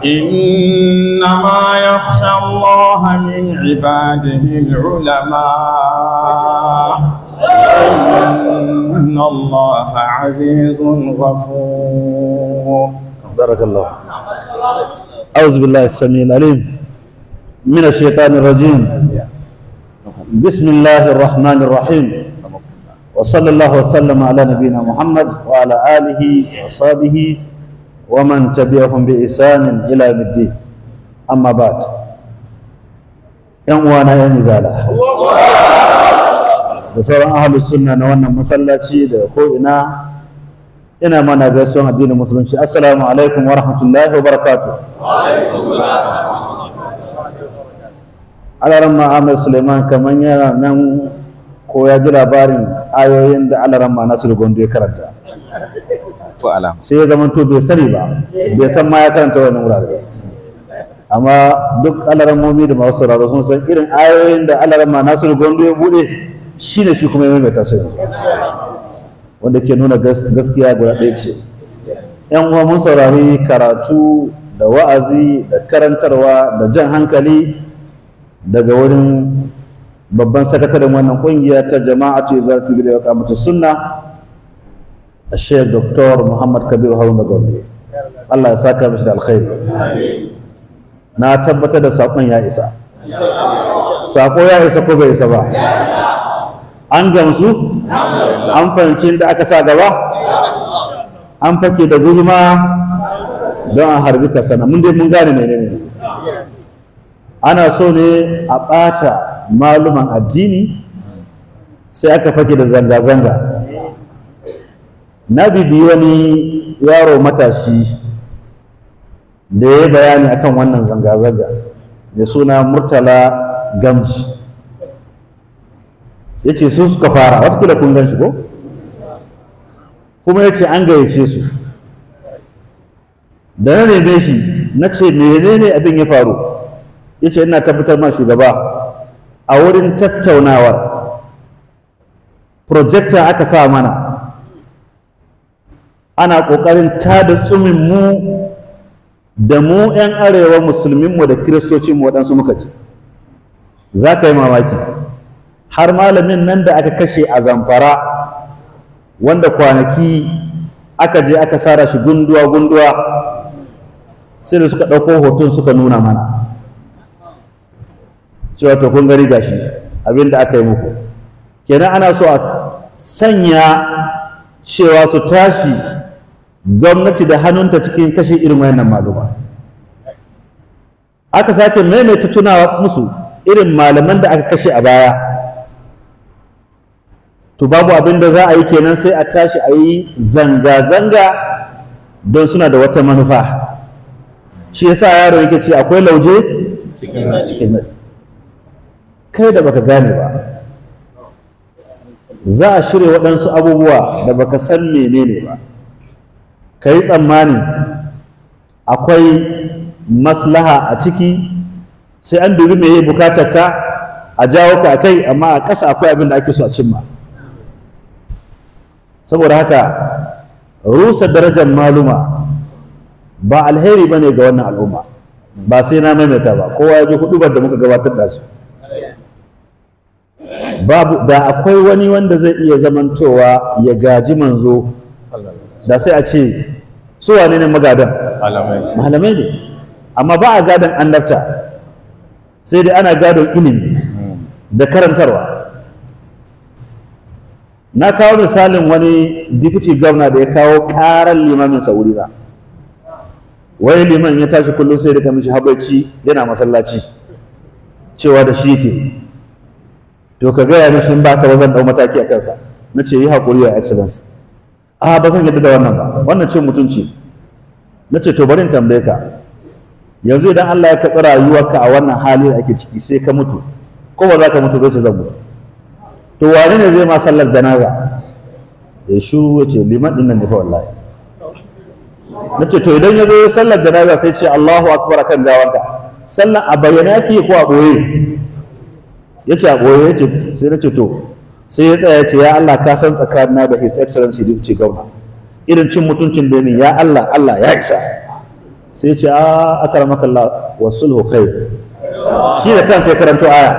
إنما يخشى الله من عباده العلماء إن الله عزيز غفور بارك الله أعوذ بالله السميع العليم من الشيطان الرجيم بسم الله الرحمن الرحيم وصلى الله وسلم على نبينا محمد وعلى آله وصحبه ومن تبعهم بإحسان إلى يوم الدين أما بعد ‘yan uwana ‘yan izala da sauran ahalus sunna na wannan masallaci da ko'ina ina mana gaisuwan addinin musulunci assalamu alaikum wa rahmatullahi wa barakatu alaran Ahmad suleiman kamar yana nan ko ya ji labarin ayoyin da alaran ma nasiru gondo ya karanta ko alama sai ya zama to bai sani ba bai san ma ya karanta wani wurare amma duk momi da masu sauraro sun san irin ayoyin da alaramma da gondo ya bude shine shi kuma ya ta sani. wanda ke nuna gaskiya guda ɗaya ce yan uwa mun saurari karatu da wa'azi da karantarwa da jan hankali daga wurin babban sakataren wannan kungiya ta jama'a jama'atu da ya kamata sunna الشيخ دكتور محمد كبير هارون gombe Allah ya saka mishi da alkhairi na tabbatar da sakon ya isa sako ya isa ko bai isa ba an gamsu an fahimci da aka sa gaba an fake da guzuma don an harbi kasana mun dai mun gane ne ne ana so ne a ɓata maluman addini sai aka fake da zanga-zanga na bibi wani yaro matashi da ya bayani akan wannan zanga-zanga mai suna murtala gamji ya ce sun suka fara kula kun gan shi ko kuma ya ce an gayyace su da na neme shi na ce menene abin ya faru ya ce ina tabbatar ma shugaba a wurin tattaunawar projector aka sa mana ana ƙoƙarin tada tsumin mu da mu 'yan arewa musulmin mu da kiristocinmu mu waɗansu muka ji za ka yi mamaki har malamin nan da aka kashe a zamfara wanda kwanaki aka je aka sara shi gunduwa gunduwa sai da suka ɗauko hoton suka nuna mana cewa to kun gari gashi abin da aka yi muku kenan ana so a sanya cewa su tashi gwamnati da hannunta cikin kashe irin wayannan maluma aka sake maimaita tunawa musu irin malaman da aka kashe a baya to babu abin da za a yi kenan sai a tashi a yi zanga-zanga don suna da wata manufa shi yasa yaro yake ce akwai lauje cikin kai da baka gane ba za a shirya waɗansu abubuwa da baka san menene ba ka yi tsammani akwai maslaha a ciki sai an dubi mai bukatar ka a jawo ka kai amma a ƙasa akwai abin da ake so a cimma saboda haka rusa darajar maluma ba alheri ne ga wannan al'umma ba sai na maimaita ba kowa ya ji hudubar da muka gabatar da su babu da akwai wani wanda zai iya zamantowa ya gaji manzo da sai a ce su wane ne magadan malamai ne amma ba a gadon annabta sai dai ana gadon ilimi da karantarwa na kawo misalin wani dikici gwamna da ya kawo karar limamin sauri ba wai liman ya tashi kullum sai da kamishi habaici yana masallaci cewa da shi ke. to ka gaya mishin ba ka zan dau mataki a kansa na ce yi haƙuri a excellence a ba zan yadda da wannan ba wannan cin mutunci na ce to bari tambaye ka yanzu idan Allah ya karɓi rayuwarka a wannan hali da ake ciki sai ka mutu ko ba za ka mutu zai ce zan mutu to wane ne zai ma sallar janaza ya shiru ya ce liman dinnan nan ne fa wallahi na ce to idan ya zo sallar janaza sai ce Allahu akbar kan gawarka sallar a bayyana yake ko a ɓoye ya ce a ɓoye ya ce sai na ce to sai ya tsaya ce ya Allah ka san tsakanina da his excellency ce gauna irin cin mutuncin da ya Allah Allah ya isa sai ya ce a akramaka Allah sulhu khair shi da kansa ya karanto aya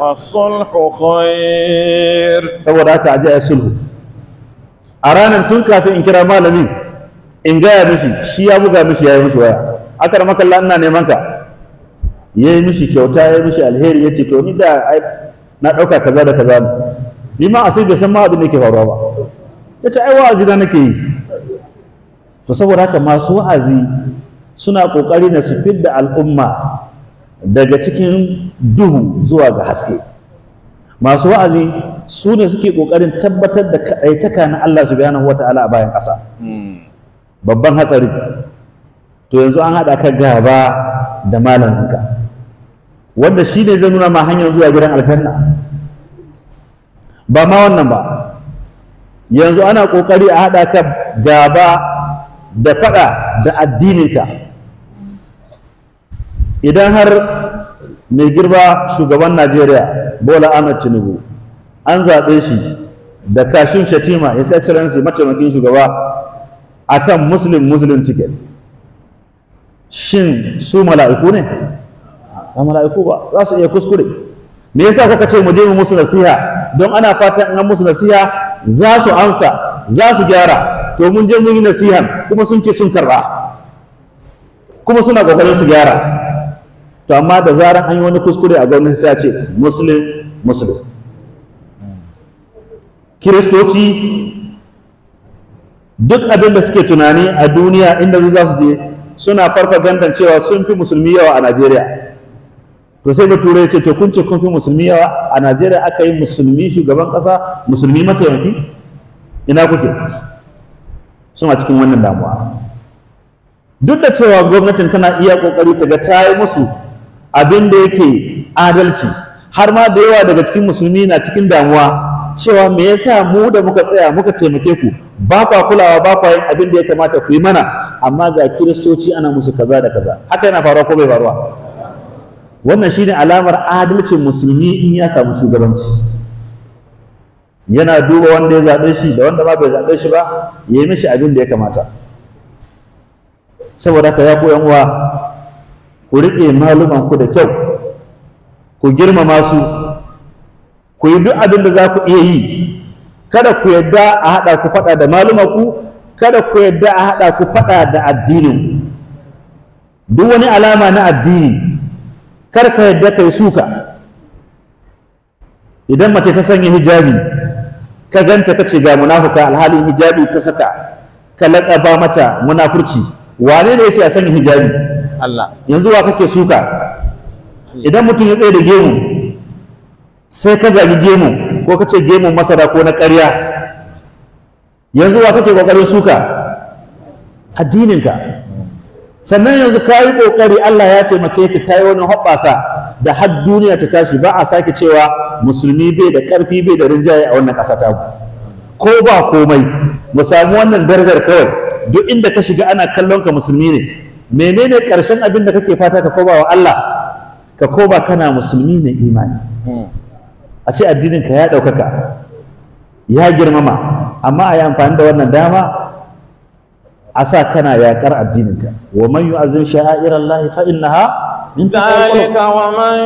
wasulhu khair saboda haka aje ya sulhu a ranar tun kafin in kira malami in gaya mishi shi ya buga mishi ya yi mishi waya akramaka Allah ina neman ka yayi mishi kyauta yayi mishi alheri yace to ni da na dauka kaza da kaza ni ma asali bai san ma abin da yake faruwa ba ta ce ai wa'azi na nake yi to saboda haka masu wa'azi suna ƙoƙari na su fidda al'umma daga cikin duhu zuwa ga haske masu wa'azi su ne suke ƙoƙarin tabbatar da kaɗaitaka na Allah subhanahu wata'ala a bayan ƙasa babban hatsari to yanzu an haɗa ka gaba da malaminka wanda shi ne zai nuna ma hanyar zuwa gidan aljanna ba ma wannan ba yanzu ana ƙoƙari a haɗa ka gaba da faɗa da addininka idan har mai girba shugaban najeriya bola ahmed tinubu an zaɓe shi da kashin shatima his excellency mataimakin shugaba akan muslim muslim ticket shin su mala'iku ne ba mala'iku ba za su iya kuskure me yasa kaka ce mu je mu musu nasiha don ana fatan an musu nasiha za su amsa za su gyara to mun je mun yi nasihan kuma sun ce sun karba kuma suna kokarin su gyara to amma da zarar an yi wani kuskure a gwamnati sai ce muslim muslim kiristoci duk abin da suke tunani a duniya inda za su je suna gandan cewa sun fi musulmi yawa a najeriya to sai bature ya ce to kun ce kun fi musulmi yawa a najeriya aka yi musulmi shugaban kasa musulmi mataimaki ina kuke suna cikin wannan damuwa duk da cewa gwamnatin tana iya kokari ta ga ta yi musu abin da yake adalci har ma da yawa daga cikin musulmi na cikin damuwa cewa me yasa mu da muka tsaya muka taimake ku ba kwa kulawa ba kwa yin abin da ya kamata ku yi mana amma ga kiristoci ana musu kaza da kaza haka yana faruwa ko bai faruwa wannan shi ne alamar adalcin musulmi in ya samu shugabanci yana duba wanda ya zaɓe shi da wanda ma bai zaɓe shi ba ya yi mishi abin da ya kamata saboda haka ya koyan wa ku riƙe maluman da kyau ku girmama su ku yi duk abin da za ku iya yi kada ku yadda a haɗa ku faɗa da malumanku kada ku yadda a haɗa ku faɗa da addinin duk wani alama na addini kar ka yadda kai suka idan mace ta sanya hijabi ka ganta ka ce ga munafuka alhalin hijabi ka saka ka laƙaba mata munafurci wane ne yake a sanya hijabi Allah yanzu wa kake suka idan mutum ya tsaye da gemu sai ka zagi gemu ko ka ce gemun masara ko na ƙarya yanzu wa kake ƙoƙarin suka addininka sannan yanzu ka yi ƙoƙari Allah ya taimake ki ta yi wani hoɓɓasa da har duniya ta tashi ba a sake cewa musulmi bai da ƙarfi bai da rinjaye a wannan ƙasa ta ko ba komai mu samu wannan darajar kawai duk inda ka shiga ana kallon ka musulmi ne menene ƙarshen abin da kake fata ka koba wa Allah ka koba kana musulmi mai imani a ce addinin ka ya ɗaukaka ya girmama amma a yi amfani da wannan dama a sa kana yakar addininka wa man yu'azzim sha'airallahi fa innaha min dalika wa man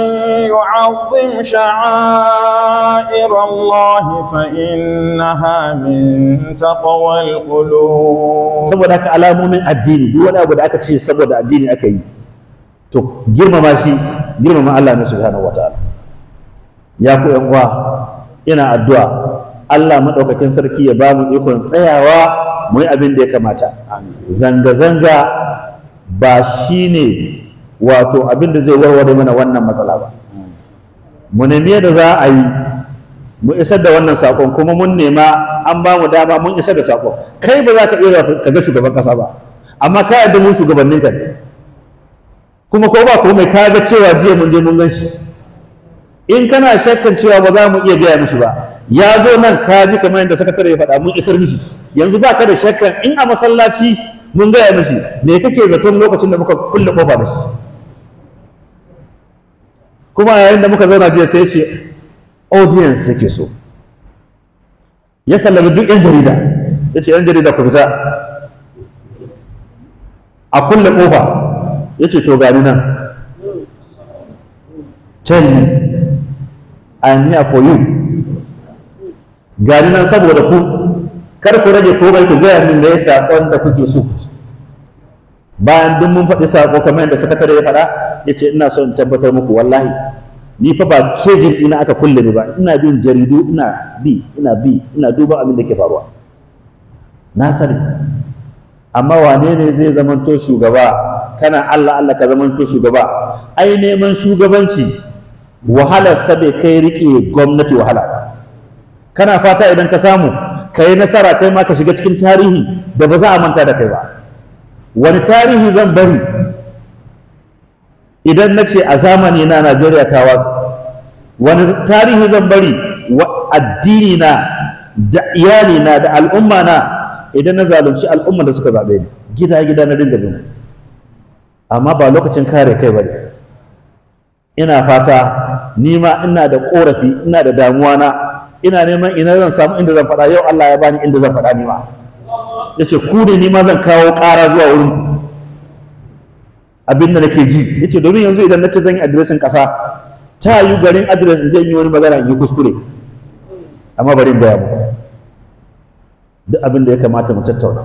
yu'azzim sha'airallahi fa innaha min taqwal qulub saboda haka alamomin addini duk wani abu da aka ce saboda addini aka yi to girmama shi girmama Allah ne subhanahu wataala ya ku yan uwa ina addu'a Allah maɗaukakin sarki ya ba mu ikon tsayawa mu yi abin da ya kamata zanga-zanga ba shi ne wato abin da zai warware mana wannan matsala ba mu nemi da za a yi mu isar da wannan saƙon, kuma mun nema an ba mu dama mun isar da saƙon. kai ba za ka iya ka ga shugaban ƙasa ba amma ka yadda mu shugabannin ka kuma ko ba ko mai ka ga cewa jiya mun je mun gan shi in kana shakkan cewa ba za mu iya gaya mishi ba ya zo nan ka ji kamar yadda sakatare ya faɗa mun isar mishi yanzu ba ka da shakkan in a masallaci mun gaya mishi me kake zaton lokacin da muka kulle kofa da shi kuma yayin da muka zauna jiya sai ce audience yake so ya sallami duk yan jarida ya ce yan jarida ku fita a kulle kofa ya ce to gani nan tell me I'm here for you gani nan saboda ku kar ku rage ko bai ku gaya min me saƙon da kuke so bayan duk mun faɗi sako kamar yadda sakatare ya faɗa ya ce ina son tabbatar muku wallahi ni fa ba kejin ina aka kulle ni ba ina bin jaridu ina bi ina bi ina duba abin da ke faruwa na sani amma wane ne zai zamanto shugaba kana Allah Allah ka zamanto shugaba ai neman shugabanci wahalar sa kai rike gwamnati wahala kana fata idan ka samu ka yi nasara kai ma ka shiga cikin tarihi da ba za a manta da kai ba wani tarihi zan bari idan na ce a zamani na najeriya ta watsa wani tarihi zan bari wa addini na da iyali na da al'umma na idan na zalunci al'umma da suka zaɓe ni gida gida na dinga bin amma ba lokacin kare kai ba ina fata ni ma ina da korafi ina da damuwa na ina neman ina zan samu inda zan faɗa yau Allah ya bani inda zan faɗa ni ba yace ku ne ni ma zan kawo ƙara zuwa wurin abin da nake ji yace domin yanzu idan na ce zan yi adireshin ƙasa ta yi garin adires in je in yi wani magana in yi kuskure amma bari in gaya muku duk abin da ya kamata mu tattauna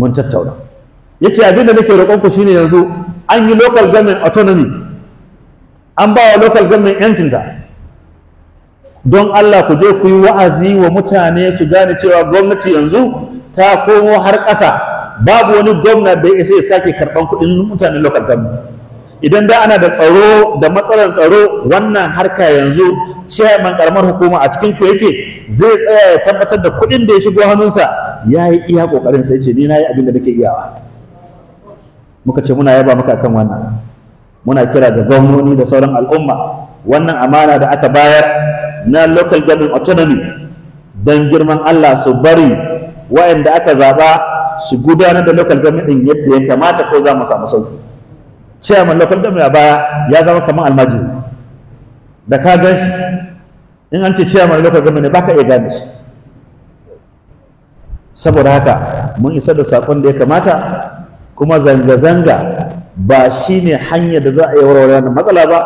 mun tattauna yace abin da nake roƙonku shine yanzu an yi local government autonomy an ba wa local government yancinta don Allah ku je ku yi wa'azi wa mutane ku gane cewa gwamnati yanzu ta komo har ƙasa babu wani gwamna da ya sake karɓan kuɗin mutanen local government idan da ana da tsaro da matsalar tsaro wannan harka yanzu chairman karamar hukuma a cikin ku yake zai tsaya ya tabbatar da kuɗin da ya shigo hannunsa ya yi iya ƙoƙarin sai ce ni na yi abin da nake iyawa muka ce muna yaba maka kan wannan muna kira da gwamnoni da sauran al'umma wannan amana da aka bayar na local government autonomy don girman Allah su bari waɗanda aka zaɓa su gudanar da local government ɗin yadda ya kamata ko za mu samu sauki chairman local government a baya ya zama kamar almajiri da ka gan shi in an ce chairman local government ne baka iya gane shi saboda haka mun isa da saƙon da ya kamata kuma zanga-zanga ba shi ne hanyar da za a yi warware wannan matsala ba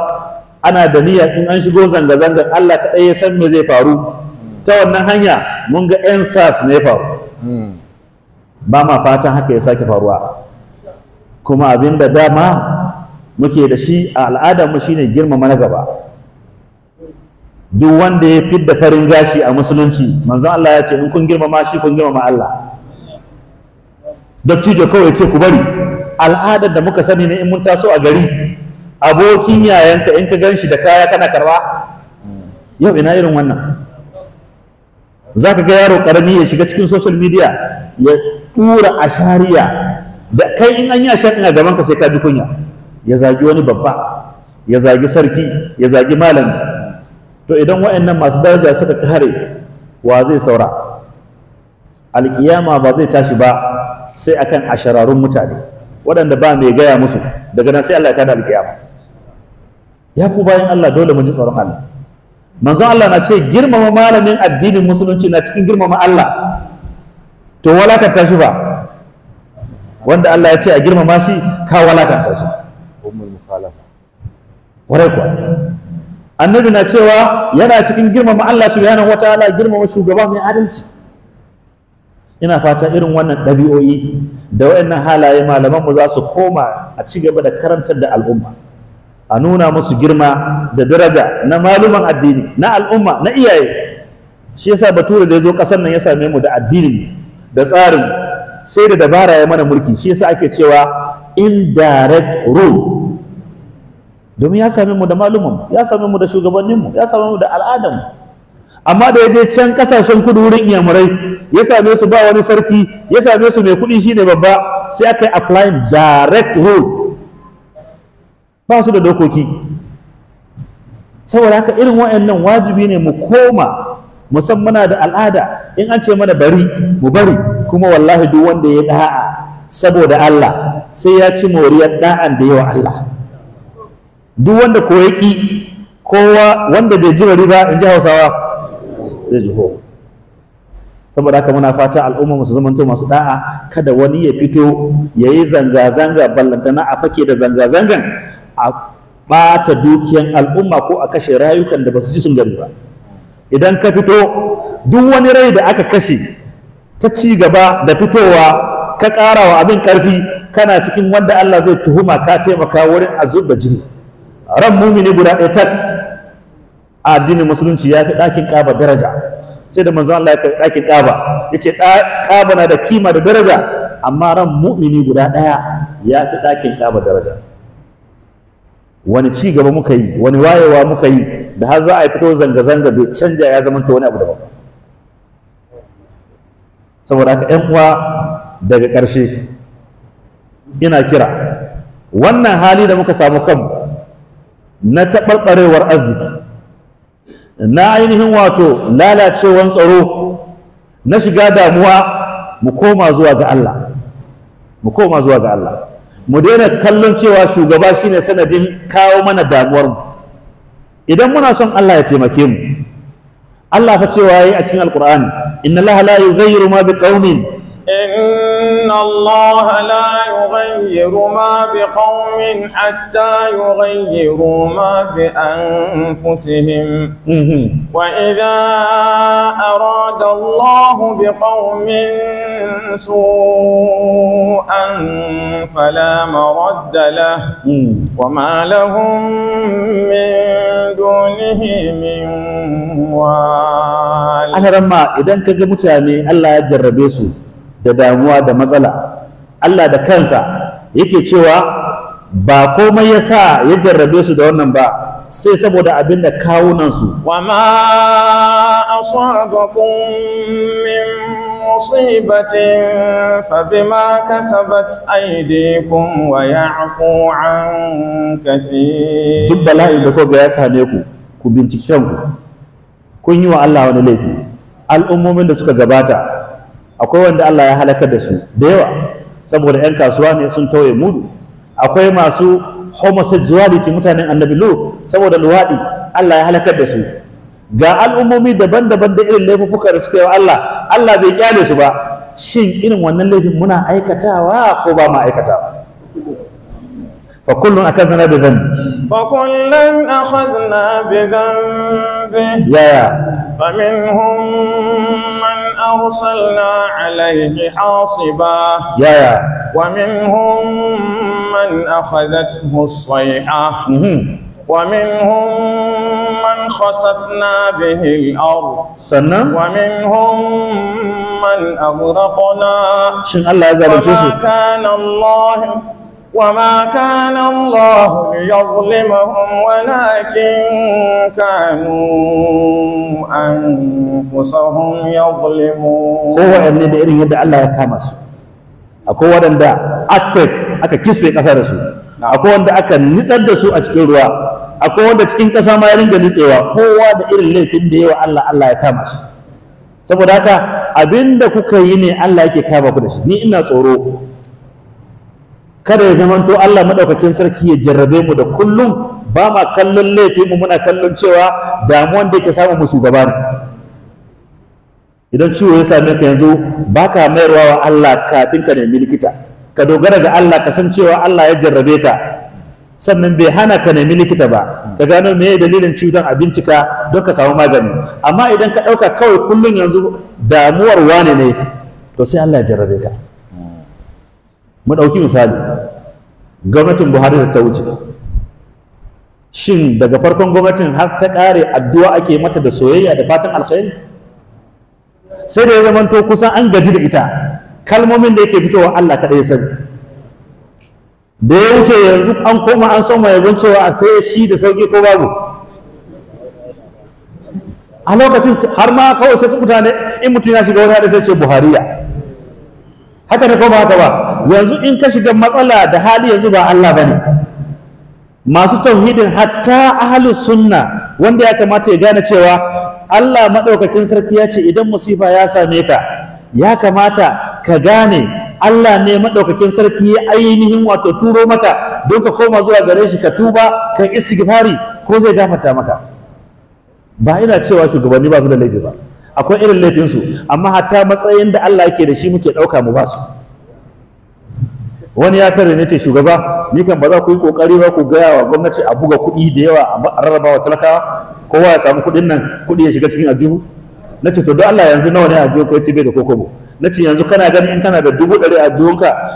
ana da niyya in an shigo zanga zanga Allah kaɗai ya san me zai faru ta wannan hanya mun ga 'yan sas ne faru ba ma fatan haka ya sake faruwa kuma abin da dama muke da shi a mu shine girmama na gaba duk wanda ya fidda farin gashi a musulunci manzon Allah ya ce in kun girmama shi kun girmama Allah dattijo kawai ce ku bari al'adar da muka sani ne in mun taso a gari abokin yayanka in ka gan shi da kaya kana karba yau ina irin wannan za ka ga yaro karami ya shiga cikin social media ya tura a shari'a da kai in an yi a gaban ka sai ka bi kunya ya zagi wani babba ya zagi sarki ya zagi malami to idan waɗannan masu daraja suka kare wa zai saura alkiyama ba zai tashi ba sai akan ashararun mutane waɗanda ba mai gaya musu daga nan sai Allah ya tada alkiyama ya ku bayan Allah dole mun ji tsoron Allah manzon Allah na ce girmama malamin addinin musulunci na cikin girmama Allah to walakanta shi ba wanda Allah ya ce a girmama shi ka walakanta shi ummul mukhalafa warai kuwa annabi na cewa yana cikin girmama Allah subhanahu wataala girmama shugaba mai adalci ina fata irin wannan ɗabi'o'i da waɗannan halaye malamanmu za su koma a ci gaba da karantar da al'umma a nuna musu girma da daraja na maluman addini na al'umma na iyaye shi yasa bature da ya zo ƙasar nan ya same mu da addinin da tsarin sai da dabara ya mana mulki shi yasa ake cewa indirect rule domin ya same mu da maluman, ya same mu da shugabanninmu ya same mu da al'adarmu amma da ya je can kasashen kudu wurin iyamurai ya same su ba wani sarki ya same su mai kuɗi shine babba sai aka yi applying direct rule ba su da dokoki saboda haka irin wa'annan wajibi ne mu koma musamman muna da al'ada in an ce mana bari mu bari kuma wallahi duk wanda ya da'a saboda Allah sai ya ci moriyar da'an da yawa Allah duk wanda ko yaki kowa wanda bai ji bari ba in ji Hausawa zai ji ho saboda haka muna fata al'umma musu zamanto masu da'a kada wani ya fito yayi zanga-zanga ballantana a fake da zanga-zangan a ɓata dukiyan al'umma ko a kashe rayukan da ba su ji sun gani ba idan ka fito duk wani rai da aka kashe ta ci gaba da fitowa ka ƙara wa abin ƙarfi kana cikin wanda Allah zai tuhuma ka taimaka wurin azuba jini ran mumini guda ɗaya tak addinin musulunci ya fi ɗakin ƙaba daraja sai da manzo Allah ya kai ɗakin ƙaba ya ce ƙaba na da kima da daraja amma ran mumini guda ɗaya ya fi ɗakin ƙaba daraja wani ci gaba muka yi wani wayewa muka yi da har za a fito zanga-zanga bai canja ya zama wani abu daban saboda haka 'yan uwa daga ƙarshe ina kira wannan hali da muka samu kan na taɓarɓarewar arziki na ainihin wato lalacewar tsaro na shiga damuwa mu koma zuwa ga Allah mu koma zuwa ga Allah mu daina kallon cewa shugaba shine sanadin kawo mana damuwar mu idan muna son Allah ya taimake mu Allah fa cewa yayi a cikin alqur'ani inna Allah la yughayyiru ma biqaumin الله لا يغير ما بقوم حتى يغيروا ما بأنفسهم وإذا أراد الله بقوم سوءا فلا مرد له وما لهم من دونه من وال أنا رمى إذا كجمتني الله يجربه da damuwa da matsala Allah da kansa yake cewa ba komai ya sa ya jarrabe su da wannan ba sai saboda abin da kawunansu wa ma min musibatin fa bima kasabat aydikum wa ya'fu an kathir duk bala'i da koga ya same ku ku binciki kanku kun yi wa Allah wani laifi al'ummomin da suka gabata akwai wanda Allah ya halakar da su da yawa saboda 'yan kasuwa ne sun tauye mudu akwai masu homosexuality mutanen annabi lu saboda luwaɗi Allah ya halakar da su ga al'ummomi daban-daban da irin laifuka da suka yi wa Allah Allah bai kyale su ba shin irin wannan laifin muna aikatawa ko ba ma aikatawa فكل أخذنا بذنب فكلا أخذنا بذنبه يا فمنهم أرسلنا عليه حاصبا يا ومنهم من أخذته الصيحة ومنهم من خسفنا به الأرض ومنهم من أغرقنا وما كان الله Kwa maka nan ba ya fulima wani akin kanu, an musu sahunan a ko waɗanda kiswe ƙasa da su, a wanda aka nitsar da su a cikin ruwa, a ko wanda cikin ƙasa ma ya dinga nutsewa, kowa da irin laifin da yawa Allah Allah ya kama su. Saboda haka abinda kuka yi ne Allah yake kama ku da shi, ni ina tsoro. kada ya zamanto Allah madaukakin sarki ya jarrabe mu da kullum ba ma kallon laifinmu mu muna kallon cewa damuwan da yake samu mu shugaba ne idan ciwo ya same ka yanzu baka ka mayarwa wa Allah kafin ka nemi likita ka dogara ga Allah ka san cewa Allah ya jarrabe ka sannan bai hana ka nemi likita ba ka gano me dalilin cutar a bincika don ka samu magani amma idan ka ɗauka kawai kullum yanzu damuwar wane ne to sai Allah ya jarrabe ka mu ɗauki misali gwamnatin buhari da ta wuce shin daga farkon gwamnatin har ta kare addu'a ake mata da soyayya da fatan alkhairi sai da ya zamanto kusan an gaji da ita kalmomin da yake fitowa Allah kaɗai ya sani da ya wuce yanzu an koma an son mai cewa a sai shi da sauki ko babu a lokacin har ma kawai sai mutane in mutum ya shiga wani da sai ce buhariya haka ne ko ba haka ba yanzu in ka shiga matsala da hali yanzu ba Allah ba ne. masu tauhidin hatta ahlus sunna wanda ya kamata ya gane cewa Allah madaukakin sarki ya ce idan musifa ya same ka ya kamata ka gane Allah ne maɗaukakin sarki ya ainihin wato turo maka don ka koma zuwa gare shi ka tuba ka istighfari ko zai gafarta maka ba ina cewa shugabanni ba su da laifi ba akwai irin laifinsu amma hatta matsayin da Allah yake da shi muke ɗauka mu ba su wani ya tare ne ce shugaba ni kan ba za ku yi kokari ba ku gaya wa gwamnati a buga kuɗi da yawa a rarraba wa talakawa kowa ya samu kuɗin nan kuɗi ya shiga cikin aljihu na ce to don Allah yanzu nawa ne aljihu kai tibe da kokobo na ce yanzu kana gani in kana da dubu ɗari a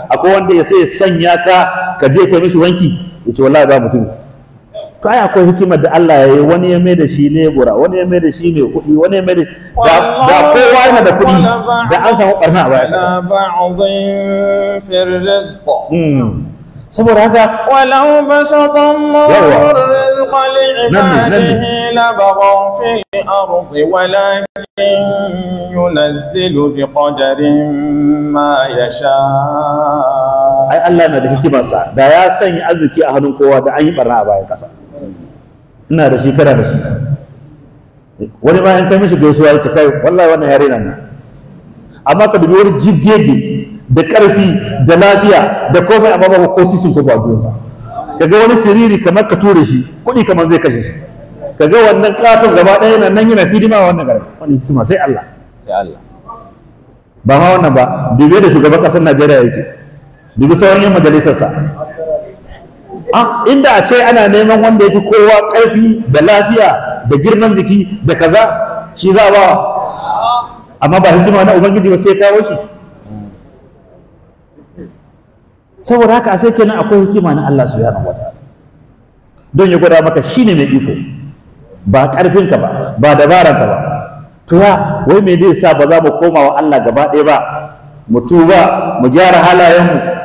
akwai wanda ya sai sanya ka ka je kai mishi wanki ya ce wallahi ba mutum to ai akwai hikimar da Allah ya yi wani ya mai da shi lebura wani ya mai da shi mai kuɗi wani ya mai da da kowa yana da kuɗi da an samu ɓarna a baya hmm. saboda haka walau basata Allahu rizqa li ibadihi la baghaw fil ardi walakin yunazzilu bi qadarin ma yasha ai Allah na da hikimarsa da ya sanya arziki a hannun kowa da an yi barna a bayan kasa ina da shi kana da shi wani ma in kai mishi gaisuwa ya ce kai wallahi wannan yare nan amma ka dubi wani jibgege da karfi da lafiya da komai amma ba ko sisin ko bajuwansa ga wani siriri kamar ka ture shi kuɗi kamar zai kashe shi Ka ga wannan katon gaba ɗaya yana nan yana a wannan garin wani hikima sai Allah sai Allah ba ma wannan ba dubi da shugaban ƙasar Najeriya yake dubi sauran yan majalisarsa a ah, inda a ce ana neman wanda ya fi kowa ƙarfi da lafiya da girman jiki da kaza shi za a ba amma ba hikima na ubangiji ba sai kawo shi saboda haka a sai kenan akwai hikima na Allah subhanahu wataala don ya gwada maka shine mai iko ba ka ba ba ka ba to ya wai me zai sa ba za mu koma wa Allah gaba ɗaya ba mu tuba mu gyara halayenmu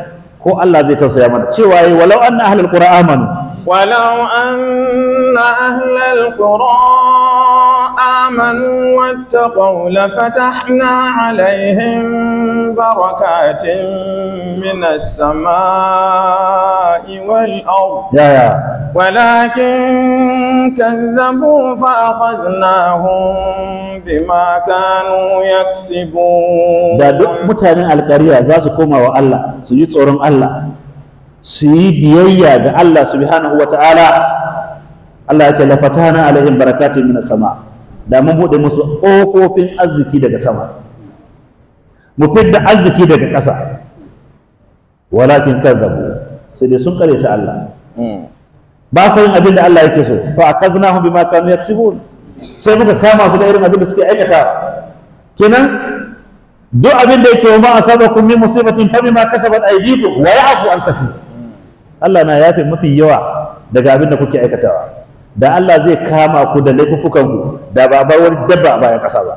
ko Allah zai tausaya mana cewa yi walau an na ahalar amanu walau an na ahalar آمنوا واتقوا لفتحنا عليهم بركات من السماء والأرض ولكن كذبوا فأخذناهم بما كانوا يكسبون da duk mutanen alkariya za su koma wa Allah su yi tsoron Allah su yi biyayya ga Allah subhanahu wa ta'ala Allah ya ce lafatana alaihim barakatun minas sama' da mun buɗe musu ƙofofin arziki daga sama mu fidda arziki daga ƙasa walakin rabu. sai dai sun karyata Allah hmm. ba sa yin abin da Allah yake so fa akaznahum bima kanu yaksibun sai muka kama su da irin abin da suke aikata kenan duk abin da yake wa ma asabakum min musibatin fa bima kasabat aydikum wa ya'fu an kasir hmm. Allah na yafe mafi yawa daga abin da kuke aikatawa da Allah zai kama ku da laifukan ku da ba wani dabba a bayan ƙasa ba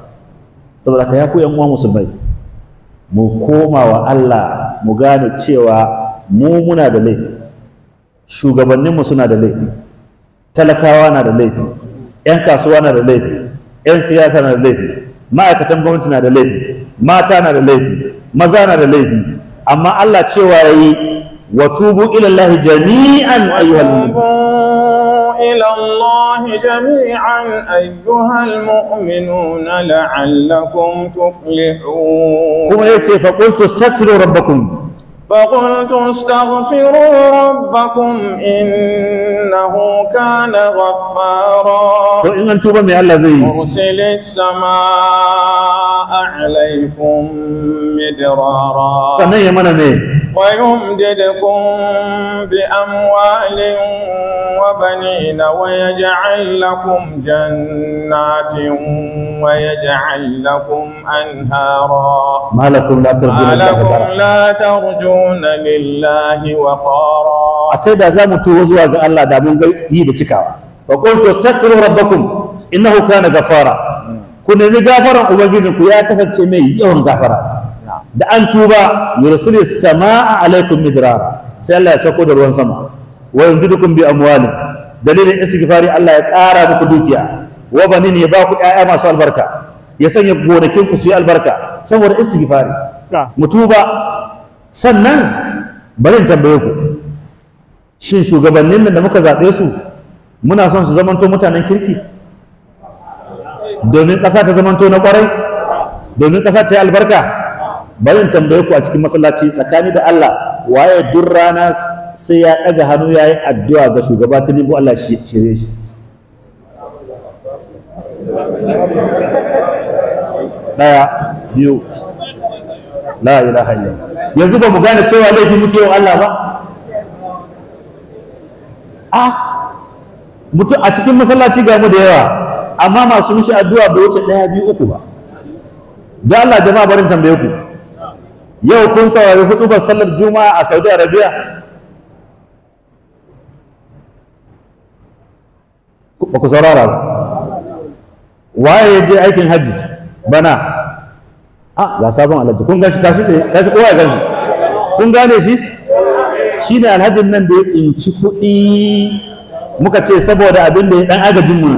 saboda ka ya ku yan uwa musulmai mu koma wa Allah mu gane cewa mu muna da laifi shugabanninmu suna da laifi talakawa na da laifi 'yan kasuwa na da laifi 'yan siyasa na da laifi ma'aikatan gwamnati na da laifi mata na da laifi maza na da laifi amma Allah cewa yayi wa tubu ila Allah jami'an ayyuhal mu'minun إلى الله جميعا أيها المؤمنون لعلكم تفلحون فقلت استغفروا ربكم فقلت استغفروا ربكم إنه كان غفارا مرسل السماء عليكم مدرارا ويمددكم بأموال وبنين ويجعل لكم جنات ويجعل لكم أنهارا ما لكم لا ترجون, ما لكم لا ترجون لله وقارا أسيد أزام توزوا الله دامون يد تكاوا فقلت استغفروا ربكم إنه كان غفارا كنا نغفر أبجدكم يا كسر سمي يوم غفارا da an tuba yursilu samaa alaikum midrara sai Allah ya sako da ruwan sama wa yumdidukum bi amwalin dalilin istighfari Allah ya ƙara muku dukiya wa banin ya ba ku ƴaƴa masu albarka ya sanya gonakin ku su yi albarka saboda istighfari mutuba sannan bari tambaye ku shin shugabannin nan da muka zaɓe su muna son su zamanto mutanen kirki domin ƙasa ta zamanto na ƙwarai domin ƙasa ta yi albarka Barin tambaye ku a cikin masallaci tsakani da Allah waye duk rana sai ya ɗaga hannu ya yi addu'a ga shugaba tinubu Allah shi cire shi ɗaya biyu la ilaha illa. yanzu ba mu gane cewa laifi muke wa Allah ba a mutum a cikin masallaci ga mu da yawa amma masu mishi addu'a bai wuce ɗaya biyu uku ba da Allah jama'a barin tambaye ku yau kun saurari hudubar sallar juma'a a saudi arabia ba ku saurara ba waye ya je aikin hajji bana a ah, ga sabon alhaji kun gashi tashi tashi kowa ya gashi kun gane shi shi ne alhajin nan da ya tsinci kuɗi muka ce saboda abin da ya ɗan agajin mu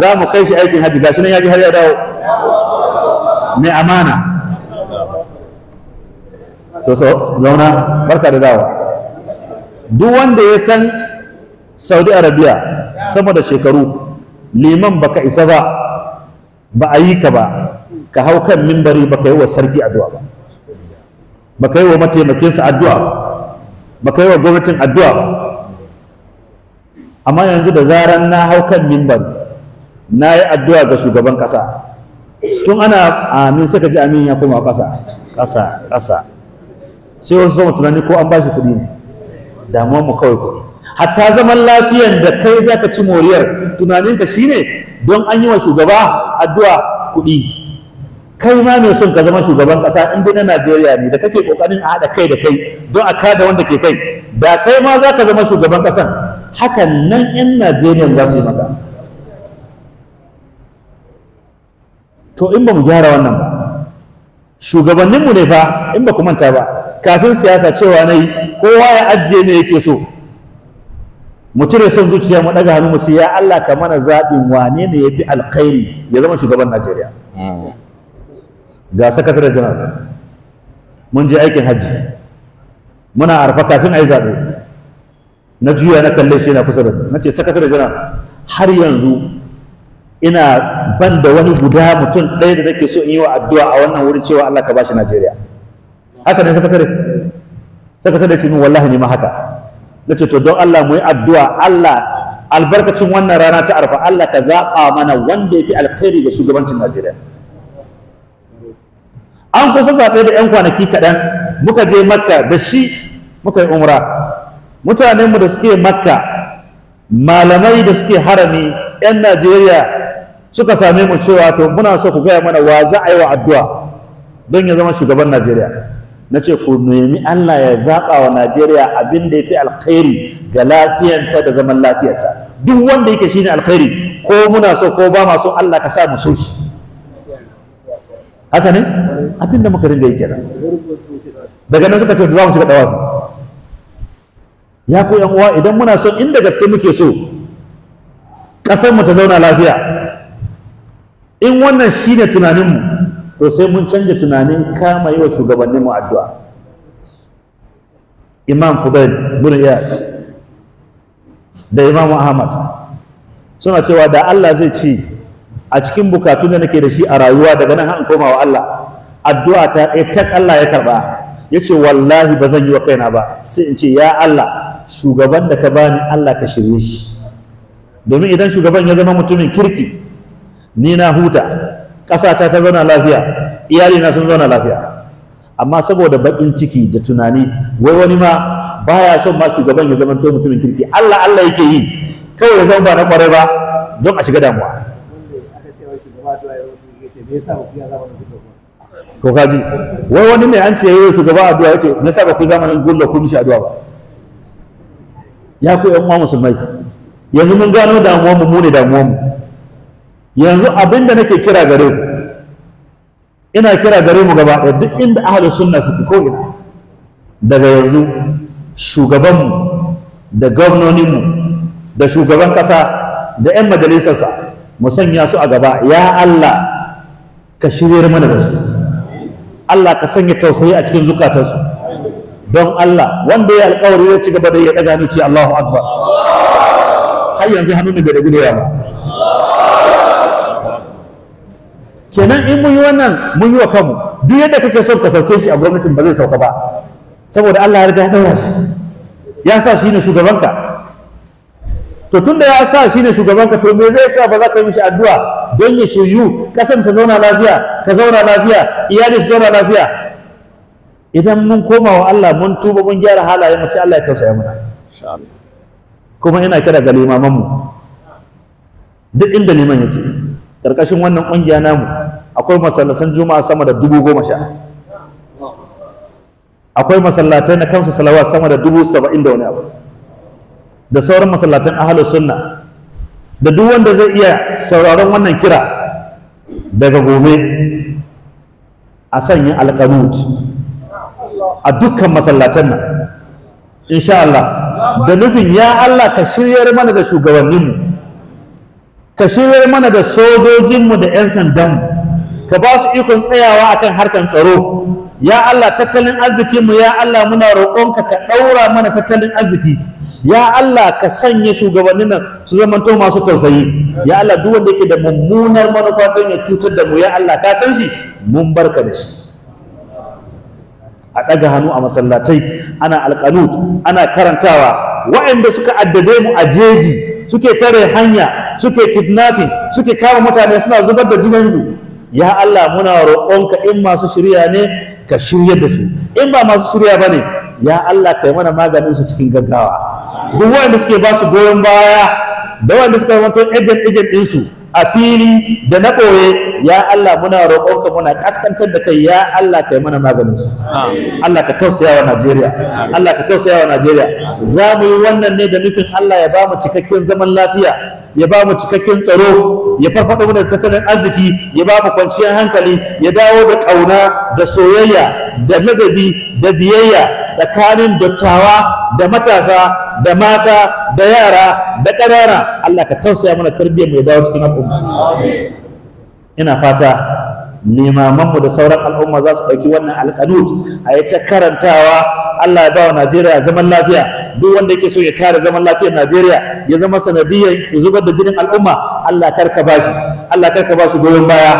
za mu kai shi aikin hajji Ga shi nan ya ji har ya dawo mai amana so zauna barka da dawo duk wanda ya san saudi arabia sama da shekaru liman baka isa ba ba a yi ka ba ka hau kan mimbari baka yi wa sarki addu'a ba baka yi wa mataimakinsa addu'a baka yi wa gwamnatin addu'a ba amma yanzu da zaran na hau kan mimbari na yi addu'a ga shugaban ƙasa tun ana amin suka ji amin ya koma ƙasa ƙasa ƙasa sai wasu zama tunani ko an bashi kuɗi ne damuwar mu kawai kuɗi hatta zaman lafiyan da kai za ka ci moriyar tunaninka shine don an yi wa shugaba addu'a kuɗi kai ma mai son ka zama shugaban kasa in dai na Najeriya ne da kake kokarin a haɗa kai da kai don a kada wanda ke kai da kai ma za ka zama shugaban ƙasan? hakan nan 'yan Najeriya za su yi maka to in ba mu gyara wannan ba shugabanninmu ne fa in ba ku manta ba kafin siyasa cewa na kowa ya ajiye ne yake so mu cire son zuciya mu daga hannu mu ce ya Allah ka mana zaɓin wane ne ya fi alkhairi ya zama shugaban Najeriya ga sakatare janar mun je aikin hajji muna arfa kafin a yi zaɓe na juya na kalle shi yana kusa da na ce sakatare janar har yanzu ina ban da wani guda mutum ɗaya da nake so in yi wa addu'a a wannan wurin cewa Allah ka shi Najeriya haka ne sakatare sakatare ce min wallahi ne ma haka ce to don Allah mu yi addu'a Allah albarkacin wannan rana ta arfa Allah ka zaɓa mana wanda ya fi alkhairi ga shugabancin Najeriya an kusa zaɓe da 'yan kwanaki kaɗan muka je makka da shi muka yi umra mutanenmu da suke makka malamai da suke harami 'yan najeriya suka same mu cewa to muna so ku gaya mana wa za a yi wa addu'a don ya zama shugaban najeriya na ce ku nemi Allah ya zaɓa wa Najeriya abin da ya fi alkhairi ga lafiyanta da zaman lafiyarta duk wanda yake ne alkhairi ko muna so ko ba ma so Allah ka sa mu so shi haka ne abin da muka ringa yi kenan daga nan suka ce za mu shiga dawa ya ku yan uwa idan muna so inda gaske muke so ƙasar mu ta zauna lafiya in wannan shine tunaninmu to sai mun canja tunanin kama yi wa shugabanninmu addu'a imam fudail bin da imam ahmad suna cewa da Allah zai ci a cikin bukatun da nake da shi a rayuwa daga nan an koma wa Allah addu'a ta ɗaya tak Allah ya karba yace wallahi ba zan yi wa kaina ba sai in ce ya Allah shugaban da ka bani Allah ka shirye shi domin idan shugaban ya zama mutumin kirki ni na huta ƙasata ta zauna lafiya iyalina sun zauna lafiya amma saboda baƙin ciki da tunani wai wani ma baya son ma shugaban ya zama to mutumin kirki Allah Allah yake yi kawai ya zama ba na ƙwarai ba don a shiga damuwa ko kaji wai wani mai an ce yayi shugaba addu'a yace na saba ba ku zamanin gulla ku mishi addu'a ba ya ku ƴan uwa musulmai yanzu mun gano damuwan mu mu ne damuwan mu yanzu abin da nake kira gare ku ina kira gare mu gaba ɗaya duk inda ahalin sunna suke ko ina daga yanzu shugabanmu da gwamnoninmu da shugaban ƙasa da 'yan majalisarsa mu sanya su a gaba ya Allah ka shiryar mana da su Allah ka sanya tausayi a cikin zukatansu don Allah wanda ya alƙawari ya ci gaba da ya ɗaga ni ce Allahu Akbar har yanzu hannun bai da gudewa ba kenan in mun yi wannan mun yi wa kanmu duk yadda kake son ka sauke shi a gwamnatin ba zai sauka ba saboda Allah ya riga ya daura shi ya sa shi ne shugabanka to tunda ya sa shi ne shugabanka to me zai sa ba za ka yi mishi addu'a don ya shiryu kasan ta zauna lafiya ka zauna lafiya iyali su zauna lafiya idan mun koma wa Allah mun tuba mun gyara halaye mu sai Allah ya tausaya mana kuma ina kira ga limamanmu duk inda liman yake ƙarƙashin wannan ƙungiya namu akwai masallatan juma'a sama da dubu goma sha akwai masallatai na kamsa salawa sama da dubu saba'in da wani abu da sauran masallatan ahalus sunna da duk wanda zai iya sauraron wannan kira daga gome, a sanya alkanut a dukkan masallatan nan insha Allah da nufin ya Allah ka shiryar mana da shugabanninmu ka shiryar mana da sojojinmu da 'yan sandanmu ka ba su ikon tsayawa akan harkan tsaro ya Allah tattalin arzikinmu ya Allah muna roƙonka ka ɗaura mana tattalin arziki ya Allah ka sanya shugabannin nan su zamanto masu tausayi ya Allah duk wanda yake da mummunar manufa don ya cutar da mu ya Allah ka san shi mun barka da shi a ɗaga hannu a masallatai ana alƙanut ana karantawa waɗanda suka addabe mu a jeji suke tare hanya suke kidnapping suke kama mutane suna zubar da junansu ya Allah muna roƙonka in masu shirya ne ka shirya da su in ba masu shirya ba ne ya Allah ka yi mana maganin su cikin gaggawa duk wanda suke ba su goyon baya da wanda suka wato ejen ejen ɗinsu a fili da na ɓoye ya Allah muna roƙonka muna kaskantar da kai ya Allah ka yi mana maganin su Allah ka tausaya wa Najeriya Allah ka tausaya wa Najeriya za mu yi wannan ne da nufin Allah ya ba mu cikakken zaman lafiya ya ba mu cikakken tsaro ya farfaɗo mana tattalin arziki ya ba mu kwanciyar hankali ya dawo da ƙauna da soyayya da ladabi da biyayya tsakanin dattawa da matasa da mata da yara da ƙanana Allah ka tausaya mana tarbiyyar mai ya dawo cikin al'umma ina fata limamanmu da sauran al'umma za su ɗauki wannan alƙanut a yi ta karantawa Allah ya ba wa Najeriya zaman lafiya duk wanda yake so ya kare zaman lafiyar Najeriya ya zama sanadiyar zubar da jinin al'umma Allah karka ba shi Allah karka ba goyon baya